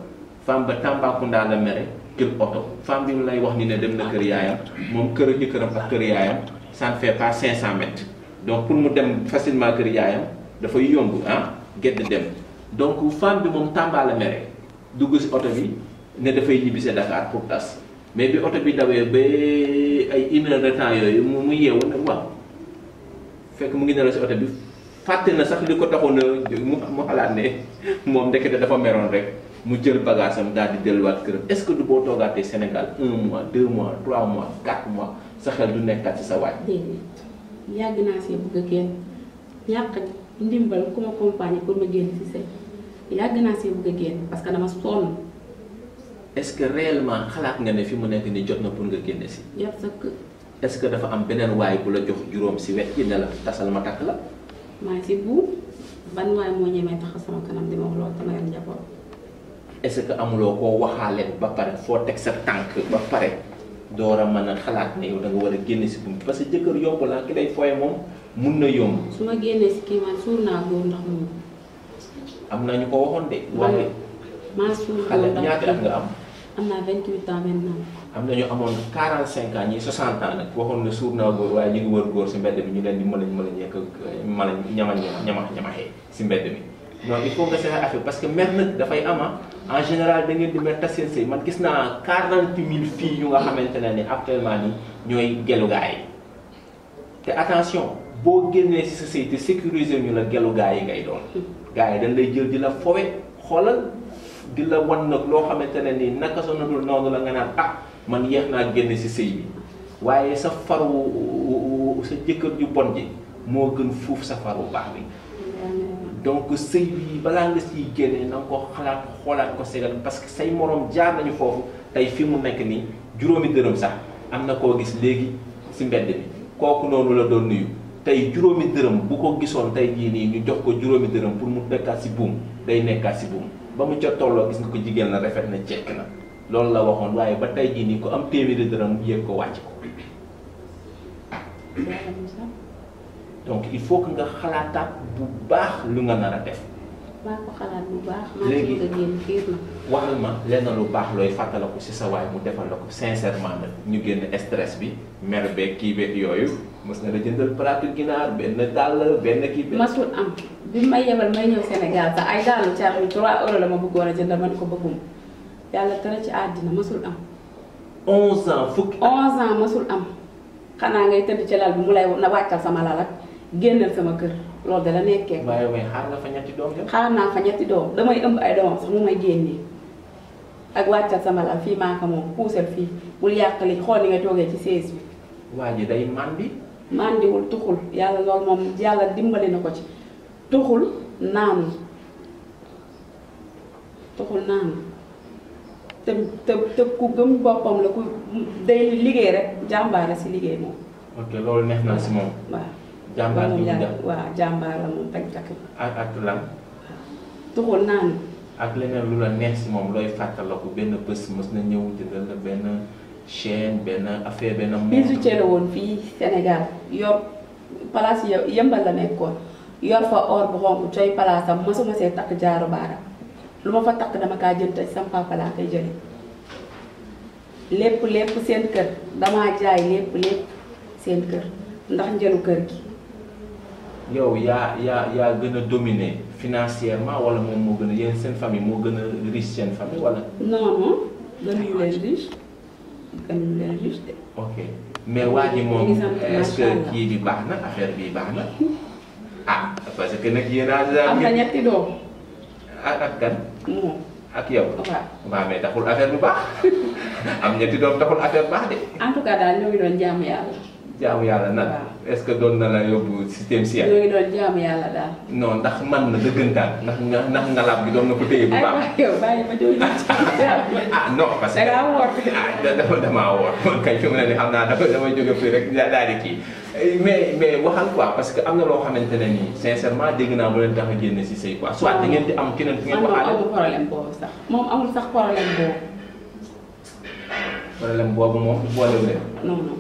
Famba femme ba Tambacounda la mere kër oto femme bi mu lay wax ni ne dem na kër yaayam moom kër kër ak kër yaayam ça ne fait pas 500 mètres donc pour mu dem facilement kër yaayam. dafay yomb ah gedd dem donc femme bi moom Tamba la mere dugg si oto bi ne dafay ñibbise Dakar pour tas mais bi oto bi dawee ba ay une heure yooyu mu mu yeewu ne waaw fekk mu ngi nelaw si oto bi fàtte na sax li ko taxoon mu mu xalaat ne *laughs* moom ndekete dafa meroon rek mu jël bagage am daal di delluwaat këram est-ce que du boo toogaatee Sénégal un mois deux mois trois mois quatre mois sa xel du nekkaat ci sa waaj. yàgg naa see bëgg kenn yàq. ndimbal ku ma accompagner pour ma génn si sëy yàgg naa see bëgg a génn parce que dama sonn est-ce que réellement xalaat nga ne fi mu nekk ni jot na pour nga génne si yàpp sa kër est-ce que dafa am beneen waay bu la jox juróom si wet yi ne la tasal ma takk la maa si bu ban waay moo ñemee taxaw sama kanam di ma wax loolu dama yor njaboot est-ce que amuloo koo waxaale ba pare foo teg sa tànk ba pare door a mën a xalaat ne yow da nga war a génn si buum parce que jëkkër yomb ki lay fooye moom mun na yomb. su ma génnee si kii man suur naa góor ndax moom. am na ñu ko waxoon de. wax de maa suur nga am. am naa 28 ans maintenant. am na ñu amoon 45 ans ñii 60 ans nag waxoon ne suur naa góor waaye ñu ngi wër góor si mbedd bi ñu leen di mën a mën a ñekk mën a ñama ñama ñamaxee si mbedd bi. non il faut nga seet affaire parce que mer nag dafay ama ah. en général da ngeen di mer tas seen sëy man gis naa 40 mille fii yu nga xamante ne ni actuellement nii ñooy gelu gaay te attention. bo génné si société sécuriser ñu la gelu gaay yi ngay doon gaay yi dañ lay jël di la fowé xolal di la won nak lo xamantene ni naka sa nadul noonu la nga na ah man yeex naa génn si sëy bi waaye sa faru sa jëkkeur ju bon ji mo gën fuuf sa faru baax bi donc sey bi balaa nga ci génné na ko xalaat xolaat ko segal parce que sey morom jaar nañu fofu tay fi mu nek ni juróomi deureum sax amna ko gis léegi ci mbedd bi kooku nonu la doon nuyu tey juróomi dërëm bu ko gisoon tey gii nii ñu jox ko juróomi dërëm pour mu nekkaat si buum day nekkaat si buum ba mu jot tolloo gis nga ko jigéen la rafet na jekk na loolu la waxoon waaye ba tey gii nii ku am téeméeri dërëm yéeg ko wàcc ko donc il faut que nga xalaataat bu baax lu nga nar def. baax ko xalaat léegi waxal ma lenn lu baax looy fàttaliku si sa waay mu defal la ko sincèrement nag ñu génn stress bi. mer beeg kii beeg yooyu mos na la jëndal palaatu ginaar benn dàll benn kii beeg. masul am bi may yebal may ñëw Sénégal sax ay dàllu caabi bi 3 euros la ma bëggoon a jëndal man ko bëgguma yàlla dara ci àddina masul am. 11 ans fukki. 11 ans masul am xanaa ngay tëdd ci lal bi mu lay na wàccal sama lal ak génnal sama kër loolu da la nekkee. waaye waaye xaar nga fa ñetti doom de. xaar naa fa ñetti doom damay ëmb ay doomam sax mu may génnee. ak wàccal sama lal fii maa ko moom puusal fii bul yàq li xool ni nga toogee ci sées bi. waji day mandi wul tukul yalla lol mom yalla dimbali nako ci tukul nan. tuxul nan te te te ku gem bopam la ku day liggey rek ci si mom Oke ok lol neex ci mom moom waaw jàmbaar moom waaw jàmbaar la moom tak takk ak ak lan tuxul nan ak leneen lu la neex ci mom loy fatalako benn na ñëw jëndal benn chaîne benn affaire benn. musicien la woon fii Sénégal yor place yëmbal la nekkoon yor fa or bu xonk coy place am mosuma takk jaaru baaraam lu ma fa takk dama kaa jënd tey sama papa laa koy jëlee lépp lépp seen kër damaa jaay lépp lépp seen kër ndax njëlu kër gi. yow yaa yaa yaa gën a dominer financièrement wala moom moo gën a yéen seen famille moo gën a riche seen famille wala. non non gënuñu leen riche. tamit leen juste ok mais waa ji moom euh, est-ce que kii bi baax na affaire bi baax na ah parce que nag yéen a. am na ñetti doom. ak ah, ak kan. moom ak yow. waaw waaw mais taxul affaire bu baax *laughs* am ñetti doom taxul affaire baax de. en tout cas daal ñoo ngi doon jàmm yàlla. jaamu yàlla na est-ce que doon na la yóbbu système si yàlla. ñoo ngi doon jaamu yàlla daal. non ndax man na dëggantaan ndax nga ndax ngalaab doon na ko téye bu baax. aywa yow bàyyi ma jooju. ah, ah, ah non parce que da ngaa woor. ah dafa damaa woor rek daal di kii mais mais waxal quoi parce que am na loo xamante ne nii sincèrement dégg naa bu leen tax a génn si say quoi. soit da ngeen di am keneen fu ngeen ko. aadama problème boobu sax moom amul sax problème boobu. problème boobu moom boolewul. non non.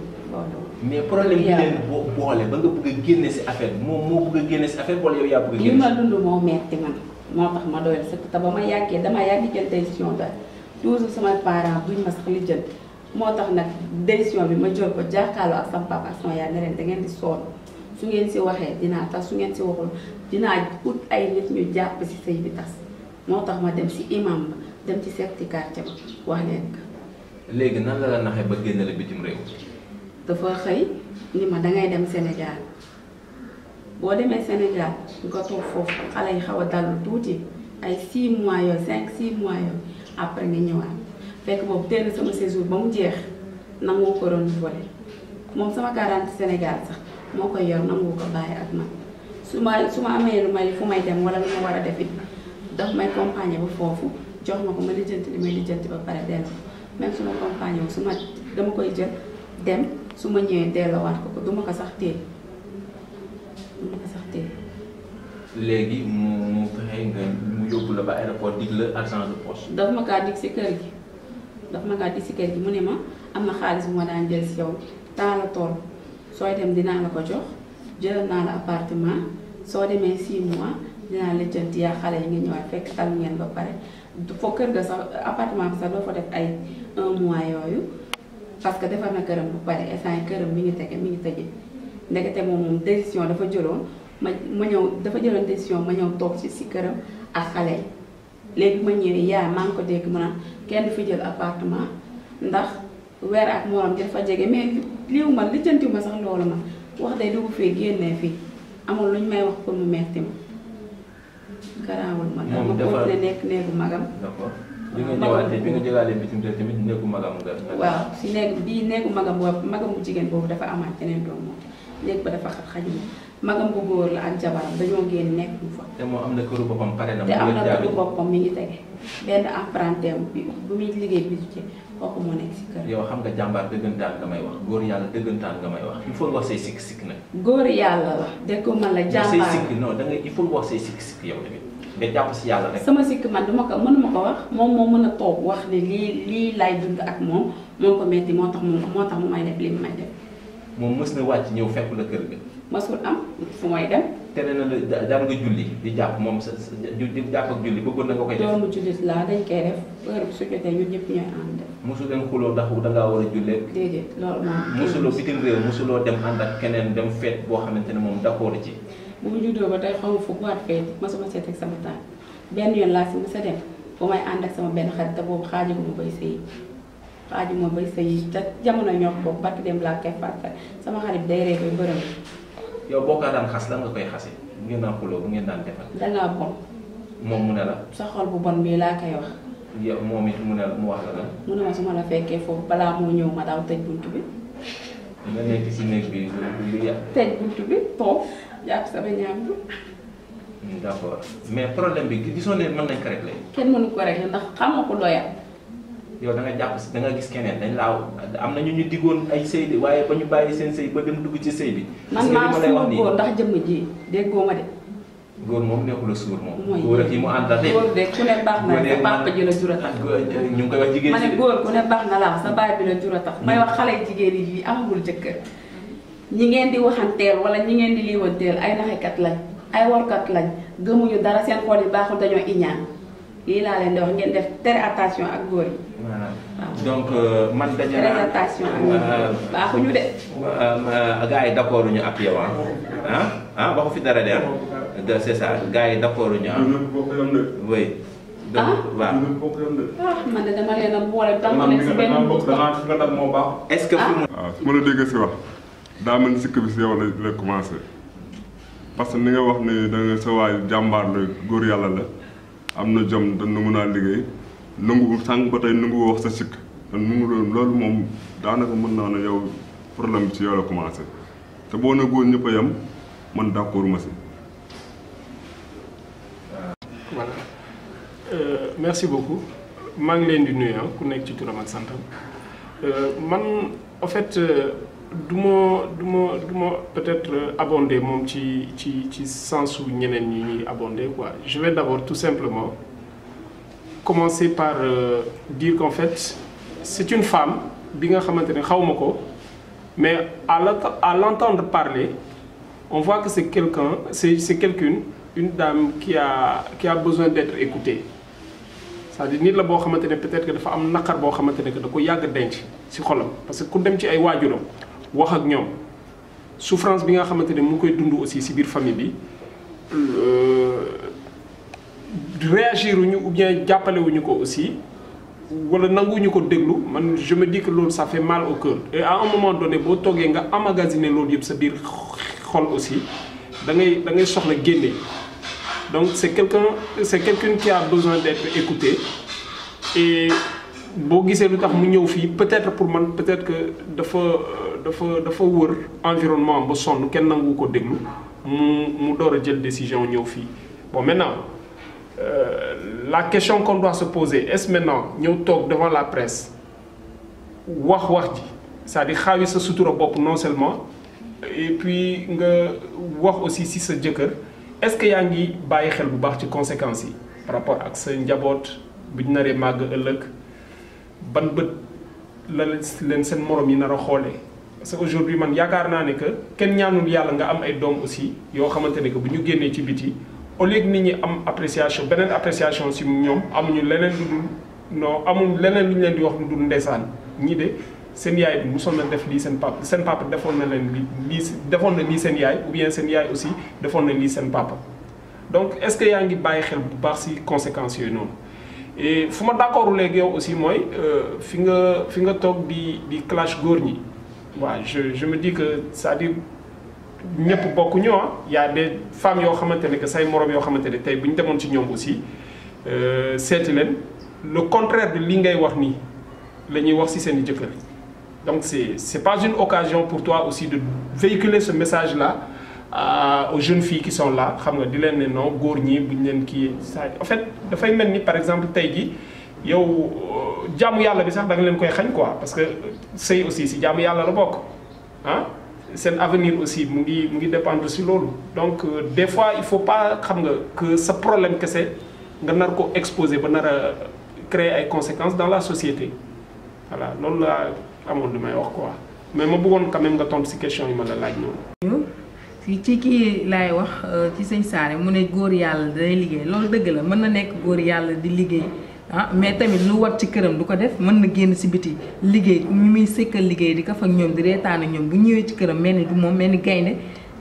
mais problème bi boo boole ba nga bëgg a génne si affaire bi moom moo bëgg a génne si affaire wala yow yaa bëgg a génne. li ma dund moo metti man moo tax ma doyal sëkk te ba ma yàggee damaa yàgg jël décision daal toujours sama parents duñ ma sax li jël moo tax nag décision bi ma jël ko jàkkaarloo ak sama papa ak sama yaay ne da ngeen di soon su ngeen si waxee dinaa tax su ngeen si waxul dinaa ut ay nit ñu jàpp si sëy bi tas moo tax ma dem si imam ba dem ci certificat ba wax leen ko. léegi naxee ba génne la bitim réew. dafa xëy ni ma dangay dem Sénégal boo demee Sénégal nga toog foofu xale yi xaw a dallu tuuti ay 6 mois yooyu 5 6 mois yooyu après nga ñëwaat fekk boobu teel sama séjour ba mu jeex nangoo ko renouvelé moom sama garanti Sénégal sax moo koy yor nangoo ko bàyyi ak man su ma su ma amee lu may fu may dem wala lu war a def it daf may compagnie ba foofu jox ma ko ma lijjanti li may lijjanti ba pare dellu même su ma compagnie wu su ma dama koy jël dem. suma ma ñëwee delloowaat ko ko duma ma ko sax té duma ma ko sax té légui mu mu fexé nga mu yobbu la ba aéroport dig la argent de poche. daf ma ka dig ci kër gi daf ma ka dig ci kër gi mu né ma amna xaaliss mo daan jël ci yow taala tool soy dem dina la ko jox jël na la appartement so démé 6 mois dina la jënt ya xalé nga ñëwaat fekk tal ngeen ba paré fo kër ga sax appartement bi sax doo fa def ay 1 mois yoyu parce que defar na këram bu pare instant këram mi ngi tege mi ngi tëje ndekete moom moom décision dafa jëloon ma ma ñëw dafa jëloon décision ma ñëw toog ci si këram ak xale yi léegi ma ñëwee yaa maa ngi ko dégg ma naan kenn fi jël appartement ndax weer ak morom dafa jege mais liiw ma lijjantiw ma sax loolu ma wax day dugg fii génnee fii amul lu ñu may wax pour mu metti ma garaawul ma. moom dafa nekk néegu magam. bi nga ñëwaatee bi nga jëlaalee bitim réew tamit néegu magam nga. waaw si néeg bii néegu magam boobu magamu jigéen boobu dafa amaat yeneen doom moom néeg ba dafa xat xajul magam bu góor la ak jabaram dañoo génn nekk fa. te moo am na këru boppam pare na. mu am na këru boppam mi ngi tege benn apprenti bi bu muy liggéey bi ci kooku moo nekk si kër. yow xam nga jàmbaar dëggantaan nga may wax góor yàlla dëggantaan nga may wax il faut wax say sikk sikk nag. góor yàlla la. dëgg man la jàmbaar say sikk non da ngay il faut wax say sikk sikk yow nga jàpp si yàlla rek. sama sikk man duma ko mënuma ko wax moom moo mën a toog wax ne lii lii lay dund ak moom moo ko metti moo tax moom moo tax mu may def li may def. moom mës na wàcc ñëw fekk la kër ga. masul am fu may dem. tere na la daan nga julli di jàpp moom sa di jàpp ak julli bëggoon na nga koy def. doomu jullit laa dañ koy def heure su jotee ñun ñëpp ñooy ànd. mosu dem xuloo ndax da ngaa war a jullee. déedéet loolu moom. mosuloo bitim réew mosuloo dem ànd ak keneen dem feet boo xamante ne moom d'accord ci. bu mu juddoo ba tey xaw ma fu boîte feeti masuma see teg sama tànk benn yoon laa si mës a dem bu may ànd ak sama benn xarit te boobu xaaju ma bay sëyi xaaju te jamono ñoo ko bokk dem laa koy fàtte sama xarit day ree bay bërëm yow boo kaa daan xas lan nga koy xase bu ngeen daan xuloo bu ngeen daan defal dangaa bon moom mu ne la sa xol bu bon bii laa koy wax yow moom it mu ne mu wax la lan mu ne ma su ma la fekkee foofu balaa moo ñëw ma daaw tëj bunt bi nga nekk si néeg jàpp sama ñaam bi. d' accord mais problème bi gisoon ne mën nañ ko réglé. kenn mënu ko réglé ndax xam nga ko doyal. yow da nga jàpp si da nga gis keneen dañ laaw am na ñu ñu diggoon ay sëy de waaye ba ñu bàyyi seen sëy ba dem dugg ci sëy bi. man maa suur góor ndax jëmm ji déggoo ma de. góor moom nekkul a suur moom. góor ak yi mu ànd daal góor de ku ne baax na la a tax. ñu ngi koy jigéen ma ne góor ku ne sa baay bi la jur a tax. may hmm. wax xale jigéen yi amagul jëkkër ñi ngeen di waxanteel wala ñi ngeen di liiwanteel ay naxekat lañ ay warkat lañ gëmuñu dara seen xol yi baaxul dañoo iñaan lii laa leen di wax ngeen def très attention ak góor yi. donc euh, man dañu naan présentation ak euh, baaxuñu de. Euh, gars yi d' accord ñu ak yow ah ah, ah fi dara de ah. de c' est ça gars yi d' accord ñu ah. oui. donc waaw. Ah? ah man de dama leen a boole. tam ma nekk si benn. est ce que. waaw ah? su ma la déggee si wax. daa mel ni sikk bi si yow la la commencé parce que ni nga wax ne da nga jàmbaar la góor yàlla la am na jom dañ na mën a liggéey nangu sànq ba tey nangu wax sa sikk te nangu loolu moom daanaka mën naa ne yow problème bi si yow la commencé te boo na góor ñëpp a yem man d'accord ma si. Euh, merci beaucoup maa ngi leen di nuyu ah, ku nekk ci turam ak euh, man en euh, du ma du du peut-être euh, abonder mon ci ci ci sensu ñeneen ñi ñuy abonder quoi je vais d'abord tout simplement commencer par euh, dire qu'en fait c'est une femme bi nga xamante mais à l'entendre parler on voit que c'est quelqu'un c'est c'est quelqu'une une dame qui a qui a besoin d'être écoutée c'est-à-dire nit la boo peut-être que dafa am naqar boo xamante que da ko yàgg denc ci xolam parce que ku dem ci ay waajuram wax ak ñom souffrance bi nga xamante mu koy dund aussi ci biir famille bi euh réagir wuñu ou bien jappalé wuñu ko aussi wala nanguñu ko déglu man je me dis que lool ça fait mal au cœur et à un moment donné bo togué nga emmagasiner lool yeb sa biir xol aussi da ngay da ngay soxla génne donc c'est quelqu'un c'est quelqu'un qui a besoin d'être écouté et bo gisé lutax mu ñëw fi peut-être pour man peut-être que dafa dafa dafa wër environnement ba sonn kenn nangu ko déglu mu mu door jël décision ñëw fi bon maintenant euh, la question qu'on doit se poser est-ce maintenant ñëw tok devant la presse wax wax ji c'est-à-dire xaawi sa sutura bop non seulement et puis nga wax aussi si sa jëkkër est-ce que yaangi ngi xel bu baax ci conséquences yi par rapport ak sa njaboot bu ñu mag màgg ban la leen morom yi parce aujourd'hui man yaakaar naa ils que apprécié, ñaanul am aussi Yo xamantene que ci am appréciation benen appréciation ils leneen non leneen leen di de papa Sen papa na na ou bien aussi defon na ont papa donc est-ce que yaangi xel baax si conséquences et fuma d'accord d'accordu léegi yow aussi moi euh, fi nga fi nga toog di di clash góor ñi je je me dis que c'est-à-dire bokku ñoo ah. il y a des femmes yo xamante que say morom yo xamante tay buñu bu ci ñom aussi euh, seeti leen le contraire de li ngay wax ni lañuy wax ci seen i donc c'est c'est pas une occasion pour toi aussi de véhiculer ce message là euh, aux jeunes filles qui sont là xam nga di len ne non góor ñi buñ len ki saa en fait da fay melni par exemple tey jii yow euh, jaamu yalla bi sax da nga len koy xagn quoi parce que sey aussi si jaamu yalla la bok hein sen avenir aussi mu ngi mu ngi dépendre si lolu donc euh, des fois il faut pas xam nga que ce problème que c'est, nga nar ko exposer ba nar créer ay conséquences dans la société voilà lolu la amone lu wax quoi mais ma bëggoon quand même nga tonte si question yi ma la laaj noonu. ci kii laay wax euh, ci sëñ Saare mu ne góor yàlla day liggéey loolu dëgg la mën na nekk góor yàlla di liggéey ah mais tamit lu war ci këram du ko def mën na génn si biti liggéey ñu muy sëkkal liggéey di ko ak ñoom di reetaan ak ñoom bu ñëwee ci këram mel ni du moom mel ni gaynde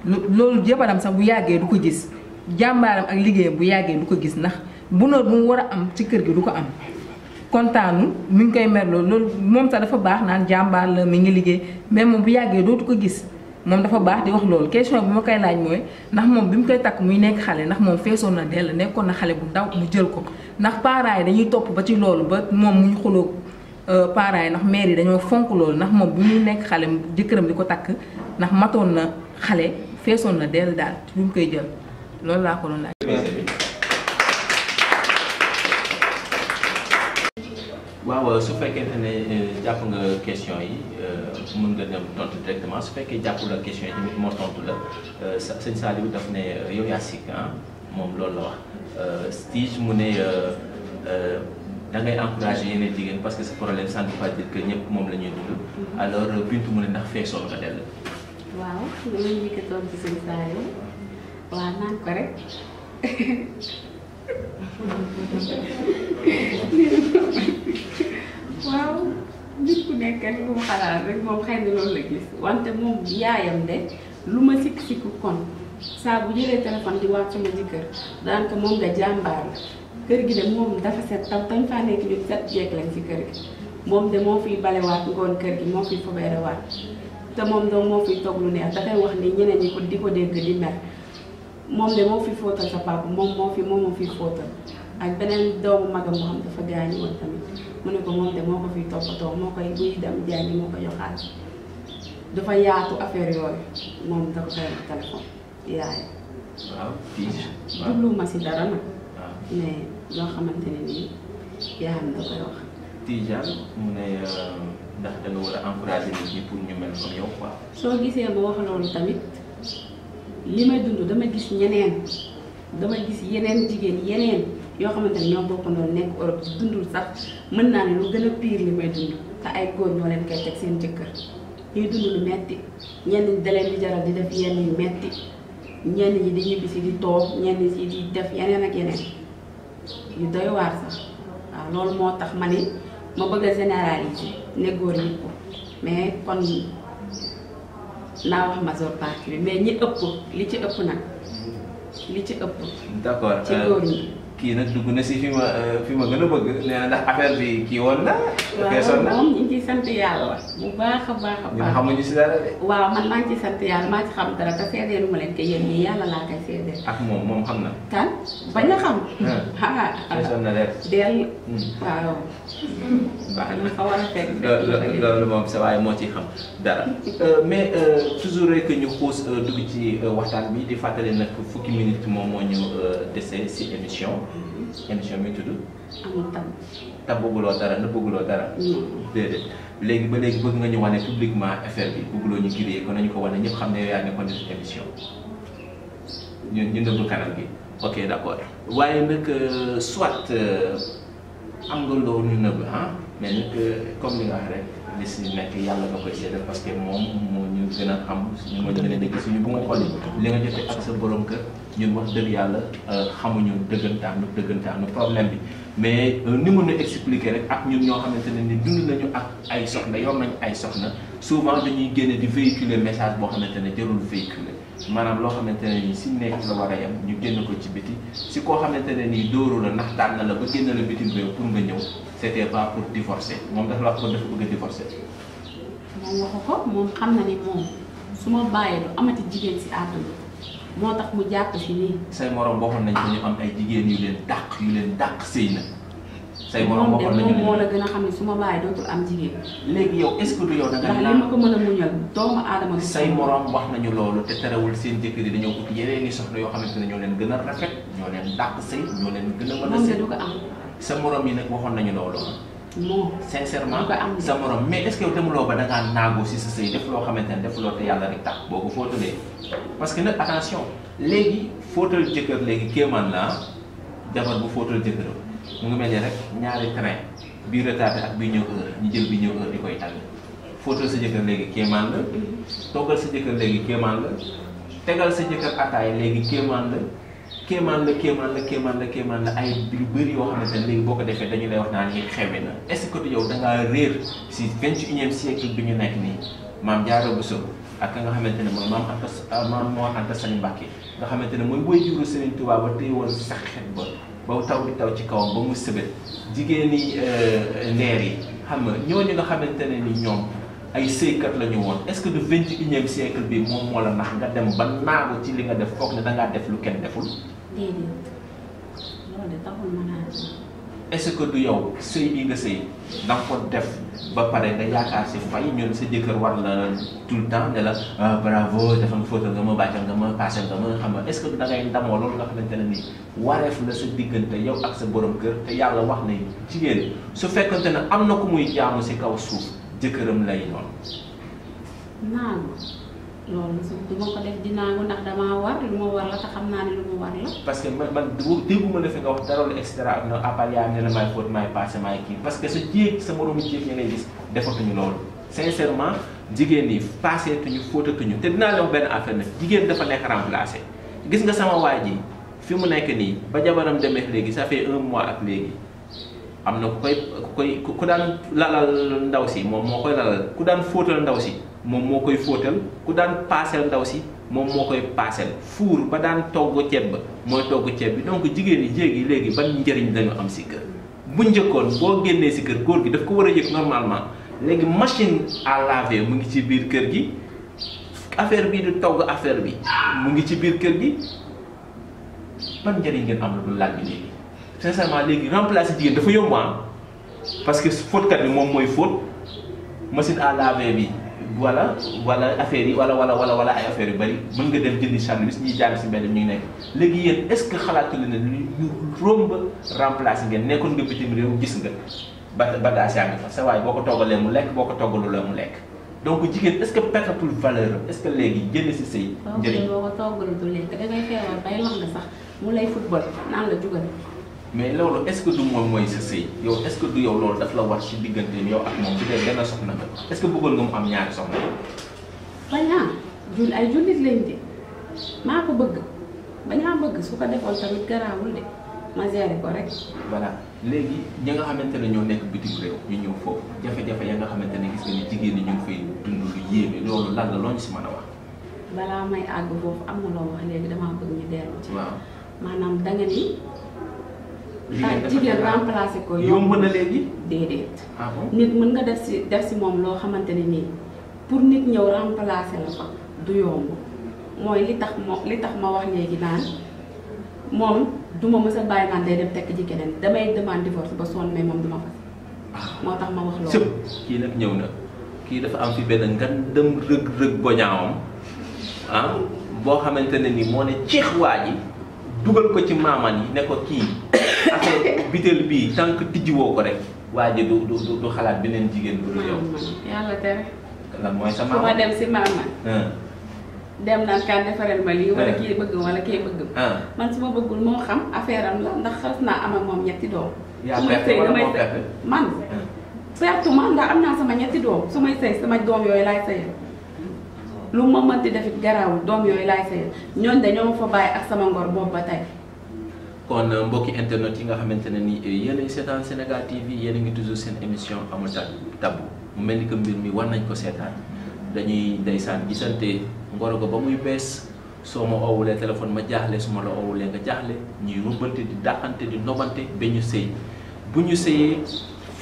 loolu jabaram sax bu yàggee du ko gis jàmbaaram ak liggéeyam bu yàggee du ko gis ndax bonheur bu mu war a am ci kër gi du ko am kontaanu mu ngi koy merloo loolu moom sax dafa baax naan jàmbaar la mi ngi liggéey mais moom bu yàggee dootu ko gis moom dafa baax di wax loolu question bi ma koy laaj mooy ndax moom bi mu koy takk muy nekk xale ndax moom feesoon na dell nekkoon na xale bu ndaw mu jël ko ndax parents yi dañuy topp ba ci loolu ba moom mu ñu xuloo euh, parents yi ndax mère yi dañoo fonk loolu ndax moom bi muy nekk xale jëkkëram di ko takk ndax matoon na xale feesoon na dell daal bi mu koy jël loolu laa ko doon laaj waaw su fekkee ne euh, jàpp nga question yi euh, mën nga dem tontu directement su fekkee jàppul nga question yi tamit moo tontu la euh, sëñ Saliou daf ne yow yaa sikk ah, moom loolu la wax stige mu ne da ngay encouragé jigéen parce que ce problème ça ne veut pas dire que moom la ñuy dund alors bintu mu ne ndax feesoon nga ko rek *laughs* waaw nit ku nekk rek xalaat rek moom xëy na loolu la gis wante moom yaayam de lu ma sikk sikk kon saa bu jëlee téléphone di wax sama jëkkër kër ko moom da jàmbaar la kër gi de moom dafa set taw tañ faa nekk ñu set jeeg lañ ci kër gi moom de moo fiy balewaat ngoon kër gi moo fiy fobeerewaat te moom dong moo fiy toog lu neex dafay wax ni ñeneen ñi ko di ko dégg di mer moom de moo fi fóotal sa papa moom moo fi moom moo fi fóotal ak beneen doomu magam moo mu ne ko moom de moo ko fiy toppatoo moo koy buy dem jàngi moo ko jox dafa yaatu affaire yooyu moom da koy wax yaay. waaw jubluwuma si dara nag. mais loo xamante ne nii yaayam da wax. Tijane mu ne euh, ndax da nga war a encourager nit ñi pour ñu mel comme yow quoi. soo gisee ma wax loolu tamit li may dund dama gis ñeneen dama gis yeneen jigéen yeneen. yo xamanteni ñoo bokk noonu nekk Europe dundul sax mën na lu gëna pire li may dund ta ay goor ñoo leen kay tek seen jëkkër ñi dund lu metti ñen ñi da leen di jaral di def yenn yu metti ñen ñi di ñibi ci di toog ñen ci di def yenen ak yenen yu doy waar sax waaw lool mo tax mané ma bëgg généraliser né goor ñi ko mais kon na wax ma partie parti mais ñi ëpp li ci ëpp nak li ci ëpp. d'accord ci goor ñi. kii nag dugg na si fi ma euh, fi ma gën a bëgg nee ndax affaire bi kii woon na. moom ñu a baax a baax. ñun xamuñu moom moom na. a xam. Ah, ah, ah feesoon na di fàttali nag fukki euh, dese si émission. émission bi tudd. amul tab. tabbuguloo dara na bëgguloo dara. déedéet léegi ba léegi bëgg nga ñu wane publiquement affaire bi bëgguloo ñu grillé ko nañu ko wane ñëpp xam ne yow yaa nekkoon def émission ñun ñu nëbb kanam gi ok d' waaye nag euh, soit euh, am nga loolu ñu nëbb ah mais nag euh, comme li wax rek. li si nekk yàlla nga koy seedal parce que moom moo ñu gën a xam. suñu moo gën a dégg suñu bu nga xool li nga jotee ak sa borom kër. ñun wax dëgg yàlla euh, xamuñu dëggantaanu dëggantaanu problème bi mais euh, ni mun a expliquer rek ak ñun ñoo xamante ne ni dund nañu ak ay soxna yoon nañu ay soxna souvent dañuy génne di véhiculer message boo xamante ne jarul véhiculer maanaam loo xamante ne ni si nekk la war a ñu génn ko ci biti si koo xamante ne nii dóoru la ndax daan na la ba génn la bitim pour nga ñëw c'était pas pour divorcer moom dafa la ko dafa ko moom xam na ni moom su ma bàyyee du amati jigéen si àdduna moo tax mu jàpp ci nii. say morom waxoon nañ ko ñu am ay jigéen yu leen dàq yu leen dàq sëy na. say morom waxoon nañu moo la gën a xam ne su ma am jigéen. léegi yow est ce li ma ah ko mën a muñal doomu aadama. say morom wax nañu loolu te terewul seen jëkkër yi dañoo ut yeneen i soxna yoo xamante ne ñoo leen gën a rafet ñoo leen dàq sëy ñoo leen gën a mën a sëy. moom du ko am. sa moroom yi nag waxoon nañu loolu non sincèrement sa morom mais est ce que yow ba da ngaa si sa def loo xamante ne def loo te yàlla rek tax boo ko fóotalee parce que nag attention léegi fóotal jëkkër léegi kéemaan la jabar bu fóotal jëkkëram mu ngi mel ni rek ñaari train bii retardé ak bii ñëw heure ñu jël bii ñëw heure di koy tàgg fóotal sa jëkkër léegi kéemaan la toggal sa jëkkër léegi kéemaan la tegal sa jëkkër ataay léegi kéemaan la kéemaan la kéemaan la kéemaan la kéemaan la ay yu bëri yoo xamante ne léegi boo ko defee dañu lay wax naan yi xewe na est-ce que yow da ngaa réer si vingt et unième bi ñu nekk nii maam bu Buso ak nga xamante ne mooy maam Anta ah, maam Mor Anta Sali Mbàkke nga xamante ne mooy booy juru Sëriñ Tuubaa ba téye woon sax xet ba ba taw bi taw ci kawam ba mu sëbët jigéen yi euh, ndeer yi xam nga ñooñu nga xamante ne ni ñoom ay sëykat la ñu woon est-ce que le vingt bi moom moo la nax nga dem ba naagu ci li nga def foog ne dangaa def lu kenn deful déedéet loolu de du yow sëy bi nga sëy da nga ko def ba pare nga yaakaar si mbay ñun sa jëkkër war la tout le de ne la ah, bravo defal ma fóotal nga ma bàccal nga ma paasal nga ma xam nga est-ce que da ngay ndamoo loolu nga xamante ne nii wareef la su diggante yow ak sa borom kër te yàlla wax ne jigéen su fekkante ne am na ku muy jaamu si kaw suuf jëkkëram lay noonu. loolu du ma ko def dinaa ko ndax damaa war lu ma war la te xam naa ne lu ma war la. parce que man man dégguma la fi nga wax dara lu extra ak na appal yaa ne kii parce que sa jéeg sa moromu jéeg ña ngay gis defatuñu loolu sincèrement jigéen ñi paaseetuñu fóotatuñu te dinaa la jigéen dafa nekk remplacé gis nga sama waa ji fi mu nekk nii ba jabaram demee léegi ça mois ak am na ku koy ku koy ku daan lalal ndaw si moom moo koy lalal ku daan fóotal ndaw si. mom moo koy kudan ku daan passel ndaw si mom moo koy paasel badan ba daan togo ceeb moy togo togg bi donc jigen ni jegi legi ban lañu am si keur bu njëkkoon bo genné si keur goor gi daf ko wara yek normalement legi machine à laver mu ngi ci biir keur gi affaire bi du togo affaire bi mu ngi ci biir keur gi ban njëriñ ngeen am lu laaj bi sincèrement legi remplacer dafa yomba ah. parce que kat bi mom moy faute machine à laver bi wala wala affaire yi wala wala wala wala ay affaire yu bëri mën nga dem jëndi sandwich ñuy jàng si mbedd mi nekk léegi yéen est ce que xalaatu leen ne lu ñu romb remplacé ngeen nekkoon nga bitim réew gis nga ba bagaas yaa ngi fa sa waay boo ko toggalee mu lekk boo ko toggalu la mu lekk donc jigéen est ce que perdre valeur am est que léegi jënd si sëy njëriñ boo ko toggalu du lekk dangay feebar bay lor nga sax mu lay football naan la jugal mais loolu est-ce que du moom mooy sa sëy yow est-ce que du yow loolu daf la war ci diggante yow ak moom su dee benn soxna nga est-ce bëggoon nga mu am ñaari soxna. bañ naa ko bëgg bañ bëgg su ko defoon tamit garaawul de ma géré ko rek. voilà léegi ñi nga xamante ne ñoo nekk bitim réew ñu ñëw foofu jafe-jafe ya nga xamante ne gis nga ni jigéen ñi ñu ngi fay dund lu yéeme loolu lan la loo ñu si mën a wax. balaa may àgg foofu am na loo wax léegi damaa bëgg ñu dellu ci. jigéen remplacé ko yomb na léegi déedéet ah nit mën dasi def si def si moom loo xamante ne nii pour nit ñëw remplacé la fa du yomb mooy li mo li tax ma wax léegi naan moom du ma mës a bàyyi naan day dem tekk ji keneen damay demande divorce ba sonn mais moom du ma fas ah. moo tax ma wax loolu sëpp kii nag ñëw na kii dafa am fi benn ngandam rëg-rëg boñaawam ah boo xamante ne ni moo dugal ko ci maaman yi bitel bi tank tidji tijji ko rek waji du du du du xalaat jigen jigéen bu Ya yow yalla tere lan moy sa mama? dem si maama dem na kan defarel ma li wala ki beug wala kii bëgg man suma beugul mo xam affaire am la ndax xas naa am ak mom ñetti do man certes man am sama ñetti do, sumay sey sama doom yoy lay sey lu ma mënti defit garaw doom yoy lay sey ñoon dañoo fa bay ak sama ngor boobu ba kon euh, mbokki internet yi nga xamante ne nii euh, yéen a ngi seetaan Sénégal TV yéen a ngi toujours seen émission amul tabu mu mel ni que mbir mi war nañ ko seetaan dañuy ndeysaan gisante ngoro ko ba muy bees soo ma owulee téléphone ma jaaxle su ma la owulee nga jaaxle ñuy rumbante di dàqante di nobante ba ñu sëy bu ñu sëyee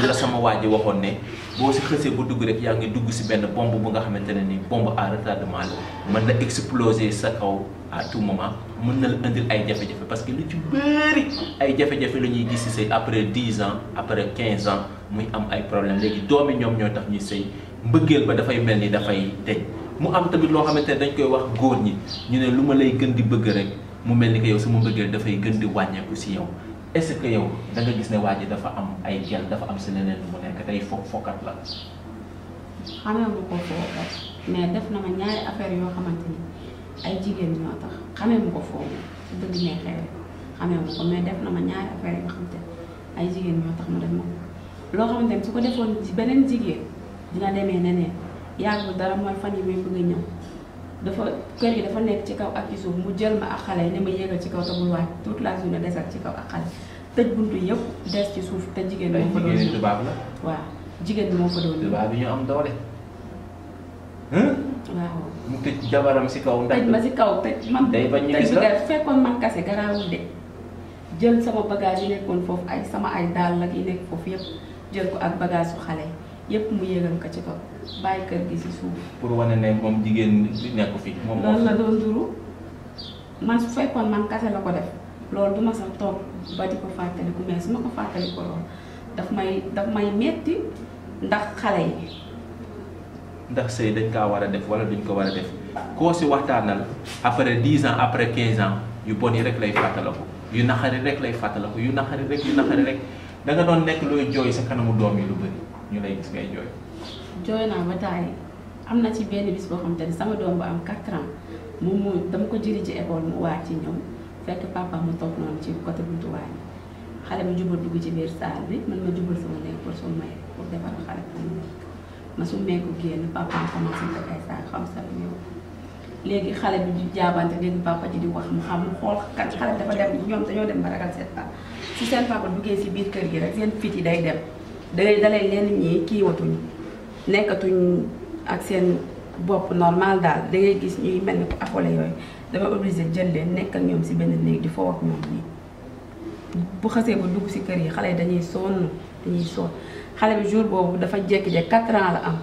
li la sama waa ji waxoon ne boo si xësee ba dugg rek yaa ngi dugg si benn bombe bu nga xamante ne ni bombe à retardement la mën na exploser sa kaw à tout moment mën na la indil ay jafe-jafe parce que lu ci bëri ay jafe-jafe la ñuy gis si sëy après 10 ans après 15 ans muy am ay problème léegi doomi ñoom ñoo tax ñuy sëy mbëggeel ba dafay mel ni dafay deñ mu am tamit loo xamante ne dañ koy wax góor ñi ñu ne lu ma lay gën di bëgg rek mu mel ni que yow sama mbëggeel dafay gën di wàññeeku si yow est-ce que yow da gis ne waa ji dafa am ay gel dafa am si leneen mu nekk day fo fokkat la. xamee mu ko foofu mais def na ma ñaari affaire yoo xamante ni ay jigéen ñoo tax mu ko foofu su dëgg nee mais def na ma ñaari affaire jigéen ko loo xamante ni su ko defoon ci beneen jigéen dina demee neneen yàggul dara mooy fan yi muy bëgg a ñëw dafa kër gi dafa nekk ci kaw ak ci suuf mu jël ma ak xale ne ma yéegal ci kaw te bul wàcc toute la journée desal ci kaw ak xale tëj buntu yëpp des ci suuf te jigéen moo fa doon tubaab la waaw jigéen bi moo fa doon tubaab ñu am doole waaw mu tëj jabaram si kaw ndax tëj ma si kaw tëj man day bañ ñu gis la fekkoon man kase garaawul de jël sama bagage yi nekkoon foofu ay sama ay daal nag yi nekk foofu yëpp jël ko ak bagage su xale yëpp mu yëgal ko ci kaw bàyyi kër gi si suuf. pour wane ne moom jigéen li nekk fi. moom loolu la doon duru man su fekkoon man kase la ko def loolu du ma sax toog ba di ko fàttaliku mais su ma ko fàttaliku lool daf may daf may metti ndax xale yi. ndax sëy dañ kaa war a def wala duñ ko war a def koo si waxtaanal après dix ans après quinze ans yu bon yi rek lay fàttaliku yu naxari rek lay fàttaliku yu naxari rek yu naxari rek da nga doon nekk looy jooy sa kanamu doom ñu lay gis ngay jooy. jooy naa ba taay am na ci benn bis boo xam te ne sama doom bu am 4 ans moom moo dama ko jëli ci école mu ci ñëw fekk papa mu toog noonu ci côté buntu waañ xale bi jubal dugg ci biir saal bi ma jubal sama nekk pour su may pour defaral xale bi mu nekk ma su meeku génn papa mu xam di di wax mu xam mu xool kan xale dafa dem dañoo dem ba ragal seen papa su seen papa duggee si biir kër gi rek seen fit yi day dem. day dalay leen ñii kiiwatuñ nekkatuñ ak seen bopp normal daal dangay gis ñuy mel ni ko affolé yooyu dafay obligé jël leen nekk ñoom si benn néeg di foo ak ñoom nii bu xasee ba dugg si kër yi xale yi dañuy sonn dañuy sonn xale bi jour boobu dafa jekk jékki 4 la am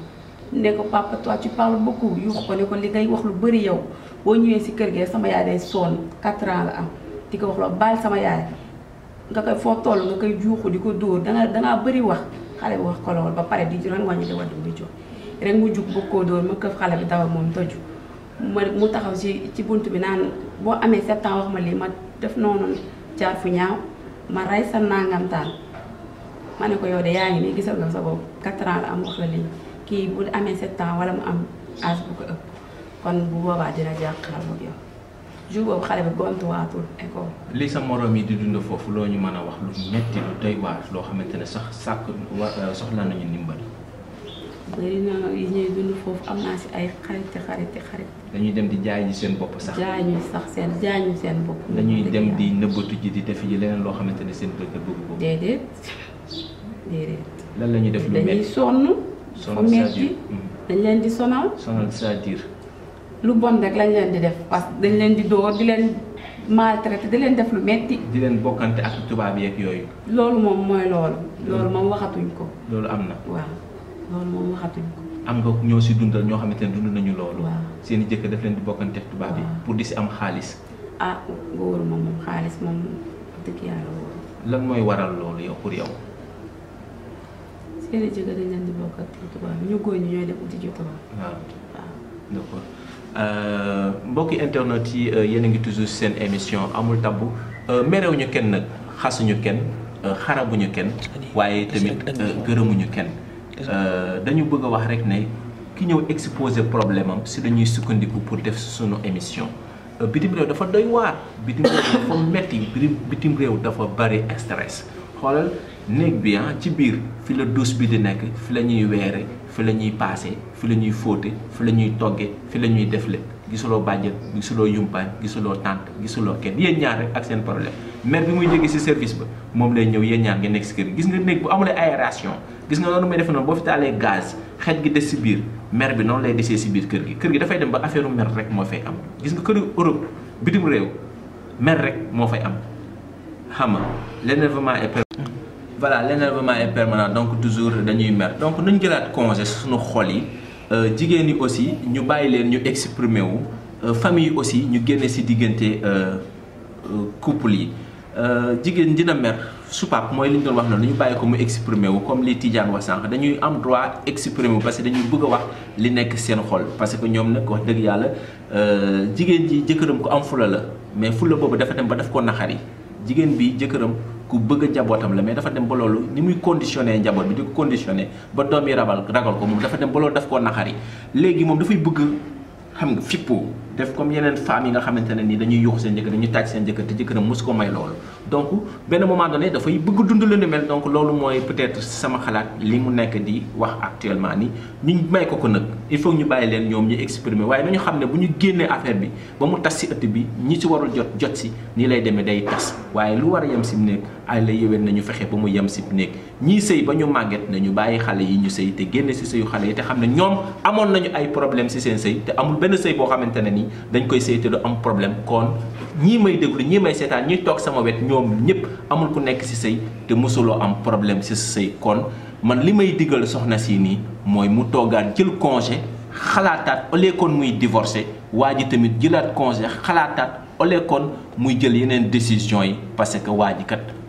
ne ko papa toi tu parles beaucoup ko ne ko li ngay wax lu bëri yow boo ñëwee si kër gi sama yaay day sonn 4 la am di ko wax loo baal sama yaay nga koy foo toll juuxu di ko dóor danga dangaa bëri wax xale bi wax ko ba pare di doon wàññi di waddu di jóg rek mu jug bëgg koo dóor ma këf xale bi dawa moom tëju ma mu taxaw ci ci bunt bi naan boo amee sept ans wax ma lii ma def noonu jaar fu ñaaw ma rey sa nangam taal ma ne ko yow de yaa ngi nii gisal nga sa bopp quatre ans la am wax la lii kii bu amee sept ans wala am âge bu ko ëpp kon bu boobaa dina jàkkaarloo ak yow jour boobu xale bi gontuwaatul école. li sa morom yi di dund foofu loo ñu mën a wax lu metti lu doy waar loo xamante ne sax sàkk euh, soxla nañu ndimbal. bëri na yi ñuy dund foofu am naa si ay xariti xariti xarit. dañuy dem di jaay ji seen bopp sax. jaay ñu sax seen jaay ñu seen bopp. dañuy dem di nëbbatu ji di def yi leneen loo xamante ne seen bëgg bëgg ko. déedéet déedéet. lan def lu metti dañuy sonn. sonn cest dañ leen di sonal. sonal lu bon rek lañ leen di def parce que dañ leen di dóor di leen maltraité di leen def lu metti di leen bokkante ak tubaab yeeg yooyu. loolu moom mooy loolu. loolu moom waxatuñ ko. loolu am na. waaw loolu moom waxatuñ ko. si dundal ñoo xamante ne dund nañu loolu. seen i jëkkër leen di bokkante ak tubaab yi. pour di si am xaalis. ah wóoru ma lan mooy waral loolu yow pour yow. seen i dañ leen di bokkante tubaab yi ñu góor ñi ñooy dem uti ci tubaab. waaw waaw Euh, mbokki internet yi euh, yéen a ngi toujours seen émission amul tabbu euh, merewuñu kenn nag xasuñu kenn xarabuñu kenn waaye tamit gërëmuñu kenn dañu bëgg a wax rek ne ki ñëw exposer problème si dañuy sukkandiku pour def sunu émission bitim réew dafa doy waar bitim réew dafa metti bitim réew dafa bari stress xoolal néeg bi ah ci biir fi la douche bi di nekk fi la ñuy weere fi la ñuy paase fi la ñuy fóote fi la ñuy togge fi la ñuy defle gisuloo bàjjët gisuloo yumpaañ gisuloo tànt gisuloo kenn yéen ñaar rek ak seen problème maire bi muy jóge si service ba moom lay ñëw yéen ñaar ngeen nekk si kër gi gis nga néeg bu amulee aération gis nga noonu may defe noonu boo fi taalee gaz xet gi des si biir maire bi noonu lay desee si biir kër gi kër gi dafay dem ba affaire mer rek moo fay am gis nga kër Europe bitim réew mer rek moo fay am xam nga l'énervement est voilà l'énervement est permanent donc toujours dañuy mer donc nañ jëlat congé suñu xol yi euh jigéen yi aussi ñu bàyyi leen ñu exprimer wu euh, famille aussi ñu génne ci digënté euh, euh couple yi euh jigéen dina mer supaap moy li ñu doon wax noonu ñu bàyyi ko mu exprimer wu comme li Tidiane wax sànq dañuy am droit exprimer parce que dañuy bëgg wax li nekk seen xol parce que ñom nak wax dëgg euh jigéen ji jëkkëram ko am fula la mais fula bobu dafa dem ba daf ko naxari jigéen bi jëkkëram ku bëgg njabootam la mais dafa dem ba ni muy conditionné njaboot bi di ko conditionné ba doom yi rabal ragal ko moom dafa dem ba loolu daf koo naxari léegi moom dafay bëgg xam nga fippoo def comme yeneen femmes nga xamante ne nii dañuy yuux seen jëkkër dañuy taaj seen jëkkër te jëkkëram mosu ko may loolu donc benn moment donné li mu nekk di wax actuellement ni ñu may ko ko nag il faut ñu bàyyi leen ñoom ñu exprimer waaye nañu xam ne bu ñu génnee affaire bi ba warul jot jot si nii lay demee day tas waaye lu war a yem si néeg ay la yéwén nañu fexe ba mu yem si néeg ñii sëy ba ñu màgget nañu bàyyi xale yi ñu sëy te génne si sëyu xale yi te xam ne ñoom amoon nañu ay problème si seen sëy te amul benn sëy boo xamante ne nii dañ koy saytu du am problème kon ñii may déglu ñii may seetaan ñuy toog sama wet ñoom ñëpp amul ku nekk ci sëy te mosuloo am problème ci sa sëy kon man li may digal soxna si nii mooy mu toogaat jël congé xalaataat au kon muy divorcé waa ji tamit jëlaat congé xalaataat au kon muy jël yeneen décision yi parce que waa ji kat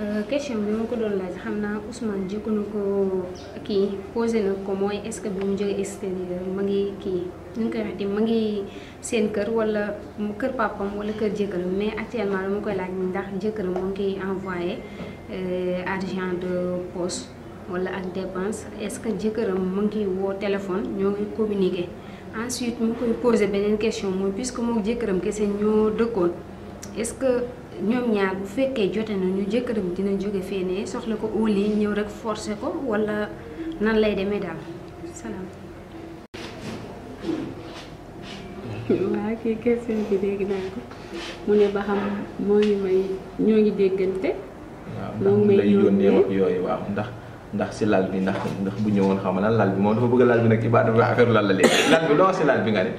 Euh, question bi ma ko doon laaj xam naa Ousmane jëkku na ko kii posé na ko mooy est-ce que bi mu jógee extérieur ma ngi kii ñu ngi koy waxati ma ngi seen kër wala kër papam wala kër jëkkëram mais actuellement mu koy laaj ndax jëkkëram moo ngi envoyé euh, argent de poste wala ak dépense est-ce que jëkkëram mu ngi woo téléphone ñoo ngi communiqué ensuite mu koy posé beneen question mooy puisque moo jëkkëram kese ñoo dëkkoon est ñoom ñaar bu fekkee jote nañu jëkkëram dina jóge fee ne soxla ko au ñëw rek forcer ko walla nan lay demee daal salaam. waaw kii question bi dégg naa ko mu ne ba xam moo ngi may ñoo ngi déggante. waaw yooyu waaw ndax ndax si lal bi ndax ndax bu ñëwoon xam nga lal bi moom dafa bëgg lal bi nag Iba dafa affaire lal la léegi lal bi loo si lal bi nga ne.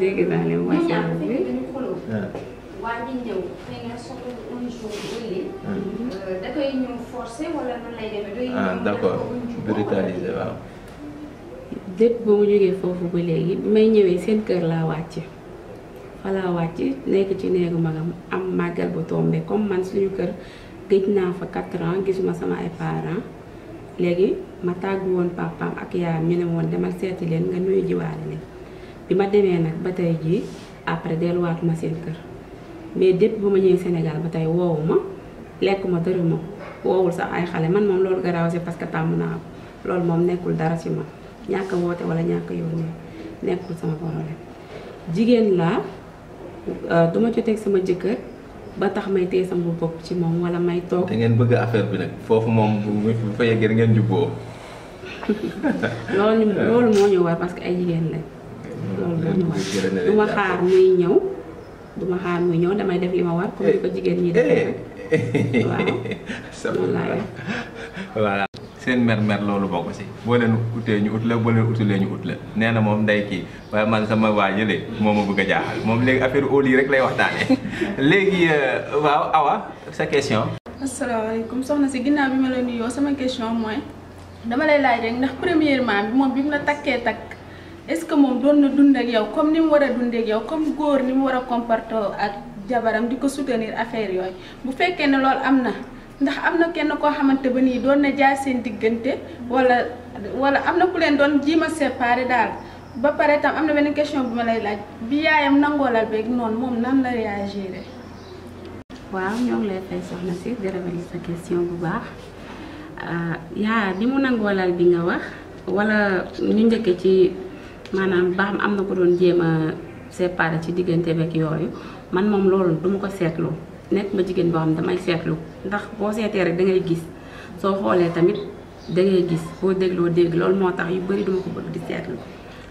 dégg naa leen WhatsApp bi. waa Ndew xëy na hmm. euh, ah, ba mu jógee foofu ba léegi may ñëwee seen kër laa wàcc fa laa wàcc nekk ci néegu magam am màggal bu tombé comme man suñu kër gëj naa fa 4 ans gisuma sama ay parents léegi ma tàggu woon papaam ak yaayam ñu ne woon demal seeti leen nga nuyu jiwaale leen bi ma demee nag ba tey jii après delluwaatuma seen kër. mais dépp ba ma ñëwee Sénégal ba tey woowu ma lekk ma tëru ma woowul sax ay xale man moom loolu garaaw si parce que tàmm naa ko loolu moom nekkul dara ci ma ñàkk woote wala ñàkk yónnee nekkul sama problème jigéen laa euh, du ma joteeg sama jëkkër ba tax may téye sama bopp ci moom wala may toog. da ngeen bëgg affaire bi nag foofu moom bu fa yeggee ngeen jubboo. *laughs* loolu loolu moo ñu war parce que ay jigéen lañ. *laughs* loolu moo ñu war du xaar muy ñëw. du ma xaar muy ñëw damay def li ma war comme ni ko jigéen ñi defee eh, eh, eh. waaw seen mer mer loolu bokk si boo leen utee ñu ut la boo leen utulee ñu ut la nee na moom nday kii waaye man sama waa yële moo ma bëgg a jaaxal moom léegi affaire au rek lay waxtaanee *laughs* léegi euh, waaw Awa sa question. asalaamaaleykum soxna si ginnaaw bi ma la nuyoo sama question mooy dama lay laaj rek ndax premièrement bi moom bi mu la takkee takk. est-ce que moom doon na dund yow comme ni mu war a dund ak yow comme góor ni mu war a comporter ak jabaram di ko soutenir affaire yooyu bu fekkee ne loolu am na ndax am na kenn koo xamante ba nii doon na jaar seen diggante walla walla am na ku leen doon jiima séparé daal ba pare tam am na benn question bu ma lay laaj bi yaayam nangoolal beeg noonu moom nan la réagir. waaw ñoo ngi lay fay soxna si di rafetlu sa question bu baax ah, yaa ni mu nangoolal bi nga wax walla ci. manam ba amna na ko doon jéem séparé ci digënté bék yoyu man mom loolu duma ko sétlu nek ma jigen bo xam damaay sétlu ndax bo sété rek da ngay gis so xolé tamit da ngay gis bo déglo dégg lool motax yu bari duma ko bëgg di sétlu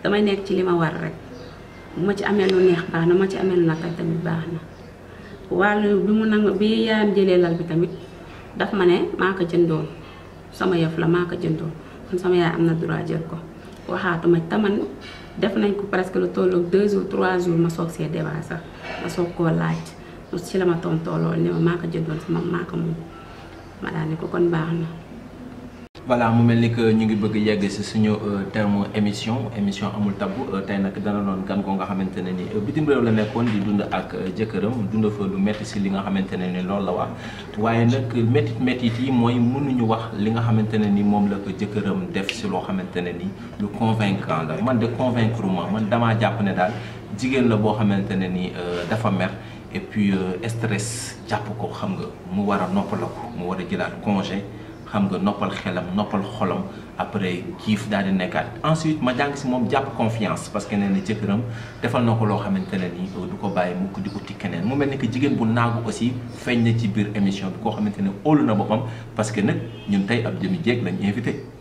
damaay nek ci lima ma war rek ma ci amé lu neex baxna ma ci amé lu naqari tamit baxna walu bi mu nag bi yaam jëlé lal bi tamit daf mané ne jëndoon sama yef la maka jëndoon sama yaay amna droit jël ko waxaatuma taman def nañ ko presque lu tolloog deux jours trois jours ma soog see débat sax ma soog koo laaj ci la ma tontoo loolu ne ma maa ko jëndoon sama maa ko moom ma daal ne kon baax na. voilà mu mel ni que ñu ngi bëgg yegg si suñu euh, terme émission émission amul tabu euh, tey nag dana doon gan ko nga xamante ne ni euh, bitim réew la nekkoon di dund ak jëkkëram dund fa lu métti si li nga xamante ne ni loolu la wax waaye nag métti métti yi mooy mënuñu wax li nga xamante ne ni moom la ko jëkkëram def si loo xamante ne ni lu convaincant la man de convaincre ma man damaa jàpp ne daal jigéen la boo xamante ne ni dafa mer et puis stress jàpp ko xam nga mu war a noppaloo ko mu war a jëlaat congé. xam nga noppal xelam noppal xolom après kiif daal di nekkaat ensuite ma jàng si moom jàpp confiance parce que nee na jëkkëram defal na ko loo xamante ne nii euh, du ko bàyyi mukk di uti keneen mu mel ni que jigéen bu naagu aussi feeñ na ci biir émission bi koo xamante ne óolu na boppam parce que nag ñun tey ab jëmi jéeg lañ invité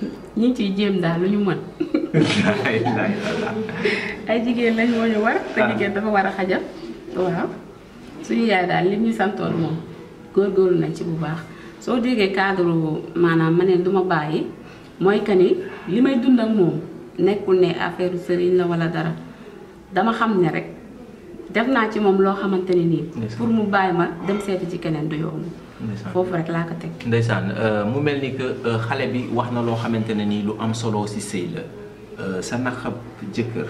ñu ngi ciy jéem daal lu ñu mën. *laughs* ay jigéen lañ moo ñu war. te ah. jigéen dafa war a xajal. waaw suñu yaay daal li ñu santoon moom góorgóorlu nañ ci bu baax soo déggee cadre maanaam ma ne du ma bàyyi mooy que ni li may dund ak moom nekkul ne affaire sëriñ la wala dara dama xam ne rek def naa ci moom loo xamante ne nii. pour mu bàyyi ma dem seeti ci keneen du yomb. foofu rek laa ko teg. ndeysaan euh, mu mel ni que euh, xale bi wax na loo xamante ne nii lu am solo si sëy la euh, sa naqab jëkkër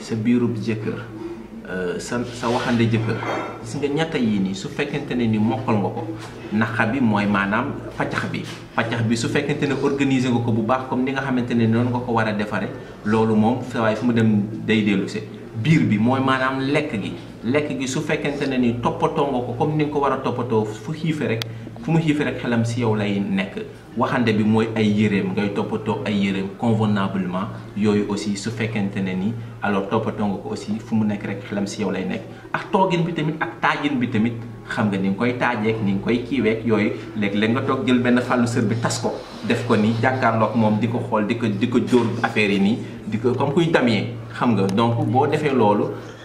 sa biirub jëkkër sa sa waxande jëkkër gis nga ñetta yi nii su fekkente ne ni mokkal nga ko naqa bi mooy maanaam paccax bi paccax bi su fekkente ne organiser nga ko bu baax comme ni nga xamante ne noonu nga ko war a defaree loolu moom sa waaye fu mu dem day dellu si biir bi mooy maanaam lekk gi lekk gi su fekkente ne ni toppatoo nga ko comme ni nga ko war a toppatoo fu xiife rek fu mu xiife rek xelam si yow lay nekk waxande bi mooy ay yëreem ngay toppatoo ay yëreem convenablement yooyu aussi su fekkente ne ni alors toppatoo nga ko aussi fu mu nekk rek xelam si yow lay nekk ak toogin bi tamit ak taajin bi tamit. xam nga ni nga koy taajeek ni nga koy kiiweek yooyu léeg-léeg nga toog jël benn fàllu sër bi tas ko def ko ni jàkkaarlook moom di ko xool di ko di ko dóor affaire yi nii di ko comme kuy damee xam nga donc boo defee loolu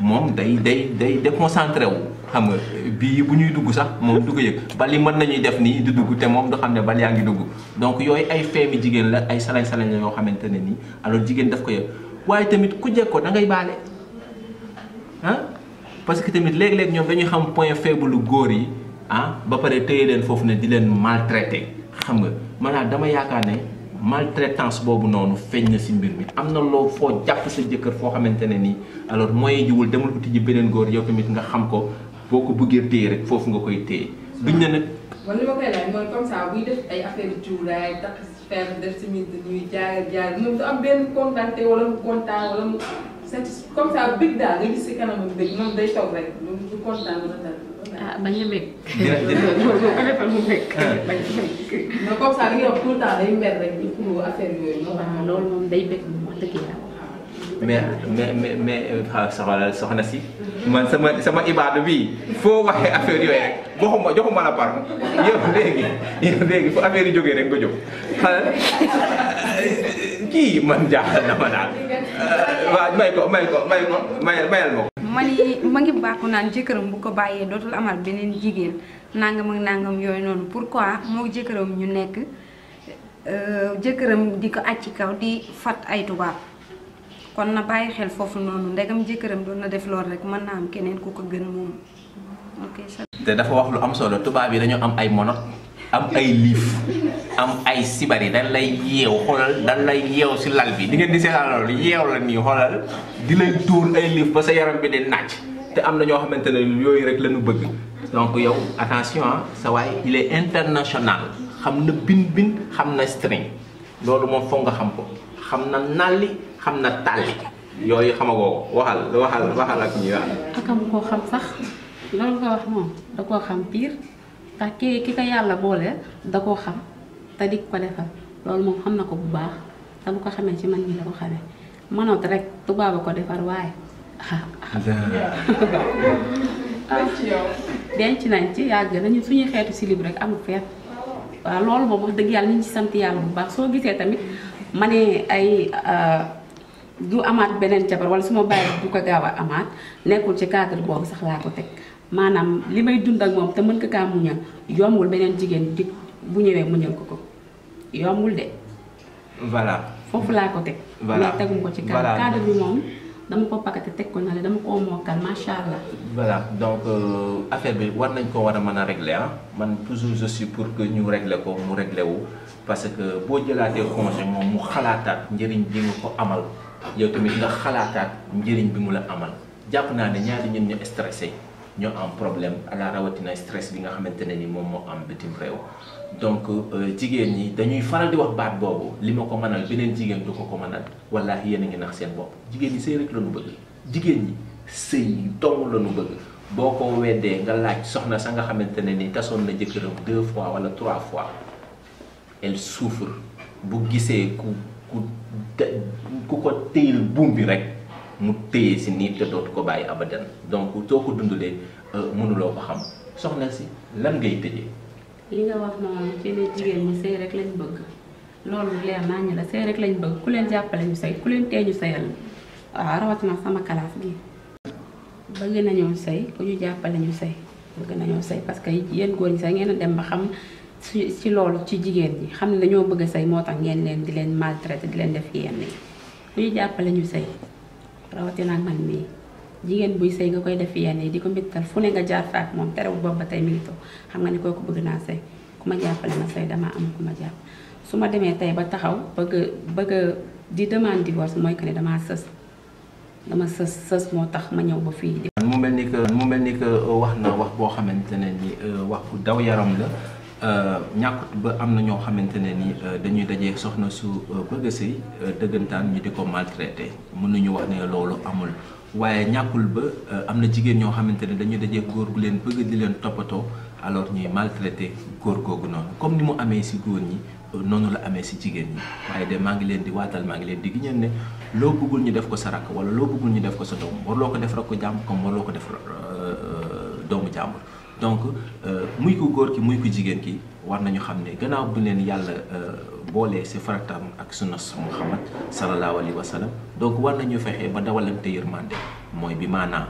moom day day day déconcentré wu xam nga bii bu ñuy dugg sax moom du ko yëg bali mën nañuy def nii di dugg te moom du xam ne bal yaa ngi dugg donc yooyu ay feemi jigéen la ay salañ salañ la yoo xamante ne nii alors jigéen daf ko yëg waaye tamit ku jekk ko da baale ah parce que tamit léeg-léeg ñoom dañuy xam point faible lu góor yi ah ba pare téye leen foofu ne di leen maltraité xam nga maanaam dama yaakaar ne maltraitance boobu noonu feeñ na si mbir mi am na loo foo jàpp sa jëkkër foo xamante ne nii alors mooy jiwul demul uti ji beneen góor yow tamit nga xam ko boo ko bëggee téye rek foofu nga koy téye duñ ne nag. man li ma koy laaj mooy comme ça buy def ay affaire cuuraay takk fer def si mbir mi jaar jaar satis comme ça bëgg daal nga gis a bëgg. jërëjëf *laughs* ah. comme ça soxna si. man sama sama ibaadu bi foo waxee affaire yooyu rek waxuma joxuma la par yow léegi yow léegi fu nga jóg xanaa kii man jaaxal na ma daal waaw may ko may ko may mayal ma ko. ma ni ma ngi bàkku naan jëkkëram bu ko bàyyee dootul amal beneen jigéen nangam ak nangam yooyu noonu pour pourquoi moo jëkkëram ñu nekk jëkkëram di ko àcc ci kaw di fat ay tubaab kon na bàyyi xel foofu noonu ndegam jëkkëram doon na def loolu rek mën naa am keneen ku ko gën moom ok. te dafa wax lu am solo tubaab yi dañoo am ay monot am ay liif am ay sibari dañ lay yeew xoolal dañ yeew si lal bi di ngeen di seetaan loolu yeew la nii xoolal di lay tuur ay liif ba sa yaram bi di naaj te am na ñoo xamante ne yooyu rek la ñu bëgg donc yow attention ah, sa waay international xam na bin bin xam na string loolu moom foog nga xam ko xam na nalli xam na tàlli yooyu xamagoo ko waxal waxal waxal ak ñi waaw. Ah. akam koo xam sax loolu nga wax moom da koo xam pire. tax ki ki ko yàlla boole da koo xam te di ko defal loolu moom xam na ko bu baax te lu ko xamee ci man mii la ko xamee manoot rek tubaab a ko defar waaye. *laughs* denc nañ ci yàgg nañu suñuy xeetu silib rek amul feet waaw loolu moom dëgg yàlla ñu ci sant yàlla bu baax soo gisee tamit ma ne ay euh, du amaat beneen jabar wala su ma bàyyi du ko gaaw a amaat nekkul ci cadre boobu sax laa ko teg. maanaam li may dund ak moom te mën ko kaa muñal yombul beneen jigéen di bu ñëwee muñal ko ko yombul de. voilà foofu laa ko teg. voilà mais ko ci cadre cadre bi moom dama ko pakate teg ko na le dama ko mokkal macha allah. voilà donc euh, affaire bi war nañ ko war a mën a régler ah man toujours je pour que ñu régler ko mu régler wu parce que boo jëlaatee congé moom mu xalaataat njëriñ bi nga ko amal yow tamit nga xalaataat njëriñ bi mu la amal jàpp naa ne ñaari ñun ñu stressé. ñoo am problème ala rawatina stress bi nga xamantene ni mom mo am bitim rew donc euh, jigen ni dañuy faral di wax baat bobu li ma ko mënal beneen jigéen du ko ko manal wallahi yéen ngi nax sen bopp jigen ñi sey rek lañu bëgg jigen ñi sey dong la ñu bëgg boko wédé nga laaj soxna sa nga xamantene ni tasoon na jëkkëram deux fois wala trois fois elle souffre bu gisee ku ku ku ko téyil buum bi rek. mu téye si nii te dootu ko bàyyi abadan donc soo ko dundulee euh, mënuloo ko xam soxna si lan ngay tëjee. li nga wax noonu ci ne jigéen ñi sëy rek lañ bëgg loolu leer naa ñu la sëy rek lañ bëgg ku leen jàppale ñu sëy ku leen tee ñu sëyal waaw rawatina sama kalaas gi bëgg nañoo sëy ku ñu jàppale ñu sëy bëgg nañoo sëy parce que yéen góor ñi ngeen a dem ba xam ci ci loolu ci jigéen ñi xam ne dañoo bëgg a sëy moo tax ngeen leen di leen maltraité di leen def yenn yi ku ñu jàppale ñu sëy rawatina ak man mii jigéen buy sëy nga koy def yenn yi di ko mbittal fu ne nga jaar fa ak moom terewul boobu ba tey mi ngi toog xam nga ni koo ko bëgg naa sëy ku ma jàppale ma sëy damaa am ku ma jàpp su ma demee tey ba taxaw bëgg bëgg di demande divorce mooy que ne damaa sës dama sës sës moo tax ma ñëw ba fii. mu mel ni que mu mel ni que euh, wax naa wax boo xamante ne ni euh, wax bu daw yaram la. Euh, ñàkkut ba am na ñoo xamante ne ni euh, dañuy dajee soxna su euh, bëgg sëy dëggantaan ñu di ko maltraité mënuñu wax ne loolu amul waaye ñàkkul ba am na jigéen ñoo xamante ne dañuy dajee góor gu leen bëgg di leen toppatoo alors ñuy maltraité góor googu noonu comme ni mu amee si góor ñi noonu la amee si jigéen ñi waaye de maa ngi leen di waatal maa ngi leen di giñal ne loo bëggul ñu def ko sa rakk walla loo bëggul ñu def ko sa doom warloo ko def rakk ko jàmbur comme warloo ko def doomu jàmbur donc euh, muy ku góor ki muy ku jigéen ki war nañu xam ne gannaaw bu leen yàlla euh, boolee si farataam ak sunna Muhammad sallallahu alayhi wa sallam donc war na ñu fexe ba dawalante yërmande mooy bi maanaam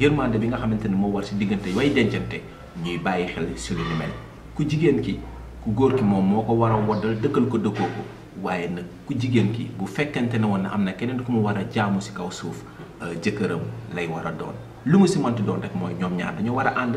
yërmande bi nga xamante ne moo war si diggante way dencante ñuy bàyyi xel si lu ni mel ku jigéen ki ku góor ki moom moo ko war a waddal dëkkal ko dëkkoo ko waaye nag ku jigéen ki bu fekkente ne woon na am na keneen ku mu war a jaamu si kaw suuf euh, jëkkëram lay war a doon lu mu si mënti doon rek mooy ñoom ñaar dañoo war a ànd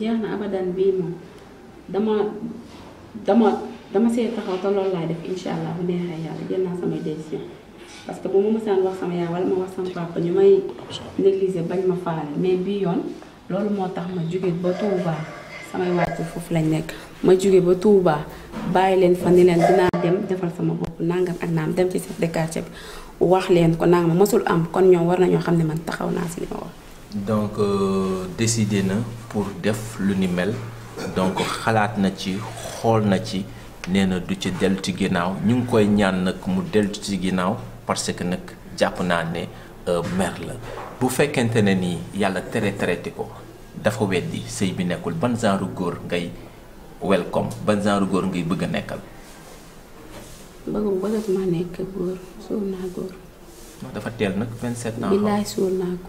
jeex na abadan bii moom dama dama dama see taxaw te loolu laay def incha allah bu neexee yàlla jël naa samay décision parce que bu ma mësaan wax sama yaay wala ma wax sama papa ñu may négliger bañ ma faale mais bii yoon loolu moo tax ma jóge ba Touba samay wàccu foofu lañ nekk ma jóge ba Touba bàyyi leen fa ni leen dinaa dem defal sama bopp nangam ak naam dem ci chef de quartier bi wax leen ko nangam ma am kon ñoom war nañoo xam ne man taxaw na si donc euh, décidé na pour def lu mel donc xalaat na ci xool na ci nee du ci dellu ci ginnaaw ñu ngi koy ñaan nak mu dellu ci ginaaw parce que nak jàpp naa ne euh, mer la bu fekkente ne nii yàlla tere traité ko dafa weddi sëy bi nekkul ban genre góor ngay welcome ban genre góor ngay bëgg a nekkal. bëggum bëggatuma nekk góor suur naa góor. dafa teel nag 27 ans. billaay suur naa ko.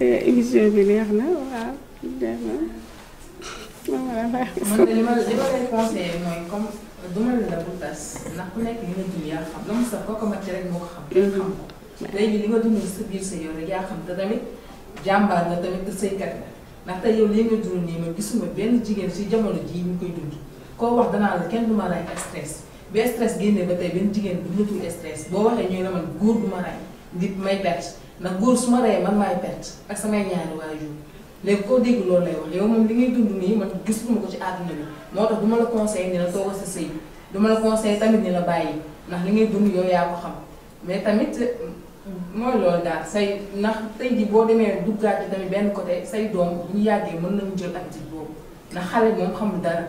Euh, émission bi neex na waaw neex na. moom la baax man de li ma li ma leen conseillé mooy comme duma la bu tas ndax ku nekk li nga dund yaa xam la mu sax kooku màcc rek moo ko xam. Mhm. xam ko léegi li nga dund sa biir sa yoon rek yaa xam te tamit jàmbaar nga tamit te sëykat la ndax tey yow li nga dund nii man gisuma benn jigéen si jamono jii ñu koy dund koo wax danaa la kenn du ma rey ak stress ba stress génnee ba tey benn jigéen bu ñu tuuti stress boo waxee ñooy la man góor du ma rey nit may perte. ndax góor su ma reyee man maay perte ak samay ñaari waajur léegi koo dégg loolu lay wax yow moom li ngay dund nii man gisuma ko ci àdduna bi moo tax du ma la conseillé ni la toogal sa sëy du ma la conseillé tamit ni la bàyyi ndax li ngay dund yow yaa ko xam mais tamit mooy loolu daal say ndax tey jii boo demee duggaate tamit benn côté say doom bu ñu yàggee mën nañu jël ak ji boobu ndax xale moom xam dara.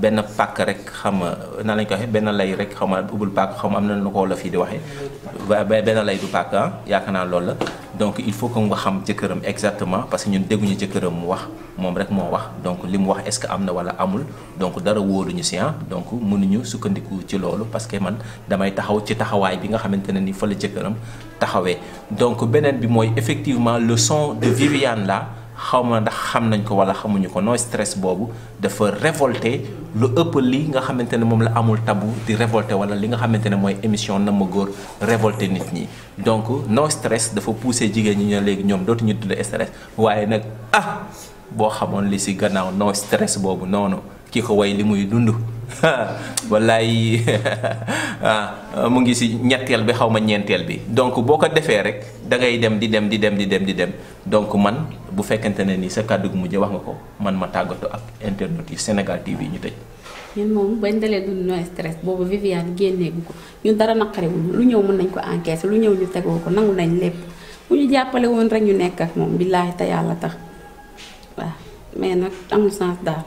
Ben pak rek xam na lañ ko waxe ben lay rek xam nga ubbul xam ko la fi di nous lay du ah, donc il faut que nga xam keureum exactement parce que ñun ñu ci nous wax mom rek mo wax donc lim wax est-ce que na amul donc dara ah. donc sukkandiku ci parce que man damay taxaw ci bi nga ni fa la keureum taxawé donc bi effectivement le son de Viviane là xaw ma ndax xam nañ ko wala xamuñu ko non stress boobu dafa révolté lu ëpp li nga xamante ne moom la amul tabu di révolté wala li nga xamante ne mooy émission na ma góor révolté nit ñi. donc no stress dafa poussé jigéen ñi ne léegi ñoom dootuñu tudd stress waaye nag ah boo xamoon li si gannaaw no stress boobu noonu. ki ko way li muy dund *laughs* wallahi *laughs* ah, mo ngi ci ñettel bi xawma ñentel bi donc boko defé rek da ngay dem di dem di dem di dem di dem donc man bu fekantene ni sa kaddu mu wax nga ko man ma tagato ak internet yi senegal TV ñu tej ñun mom bañ dalé du no stress boobu vivian génneegu ko ñun dara naqarewul lu ñew mën nañ ko encaisse lu ñew ñu tegoo ko nangu nañ lepp bu ñu jappalé won rek ñu nekk ak mom billahi ta yalla tax wa mais nak amul sens daal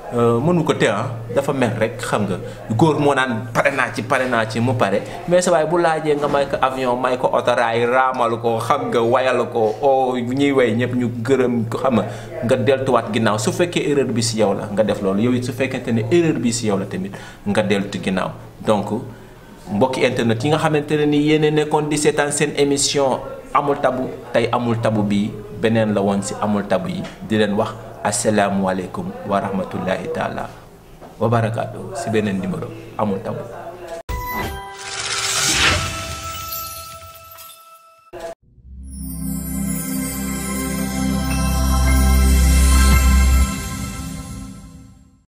mënu ko téa dafa mel rek xam nga góor mo nan pare na ci paré na ci mu paré mais sa way bu laajee nga may ko avion may ko ray ramal ko xam nga wayal ko o ñi way ñep ñu gëreum ko xam nga deltu wat ginnaw su fekkee erreur bi ci yow la nga def lool yow it su fekkente tane erreur bi ci yow la tamit nga deltu ginnaw donc mbokk internet yi nga xamantene ni yéene nekkoon di ans sen émission amul tabu tay amul tabu bi benen la won ci amul tabu yi di len wax asalaamualeykum wa rahmatullahi taala wa barakaatu si beneen numéro amul tabu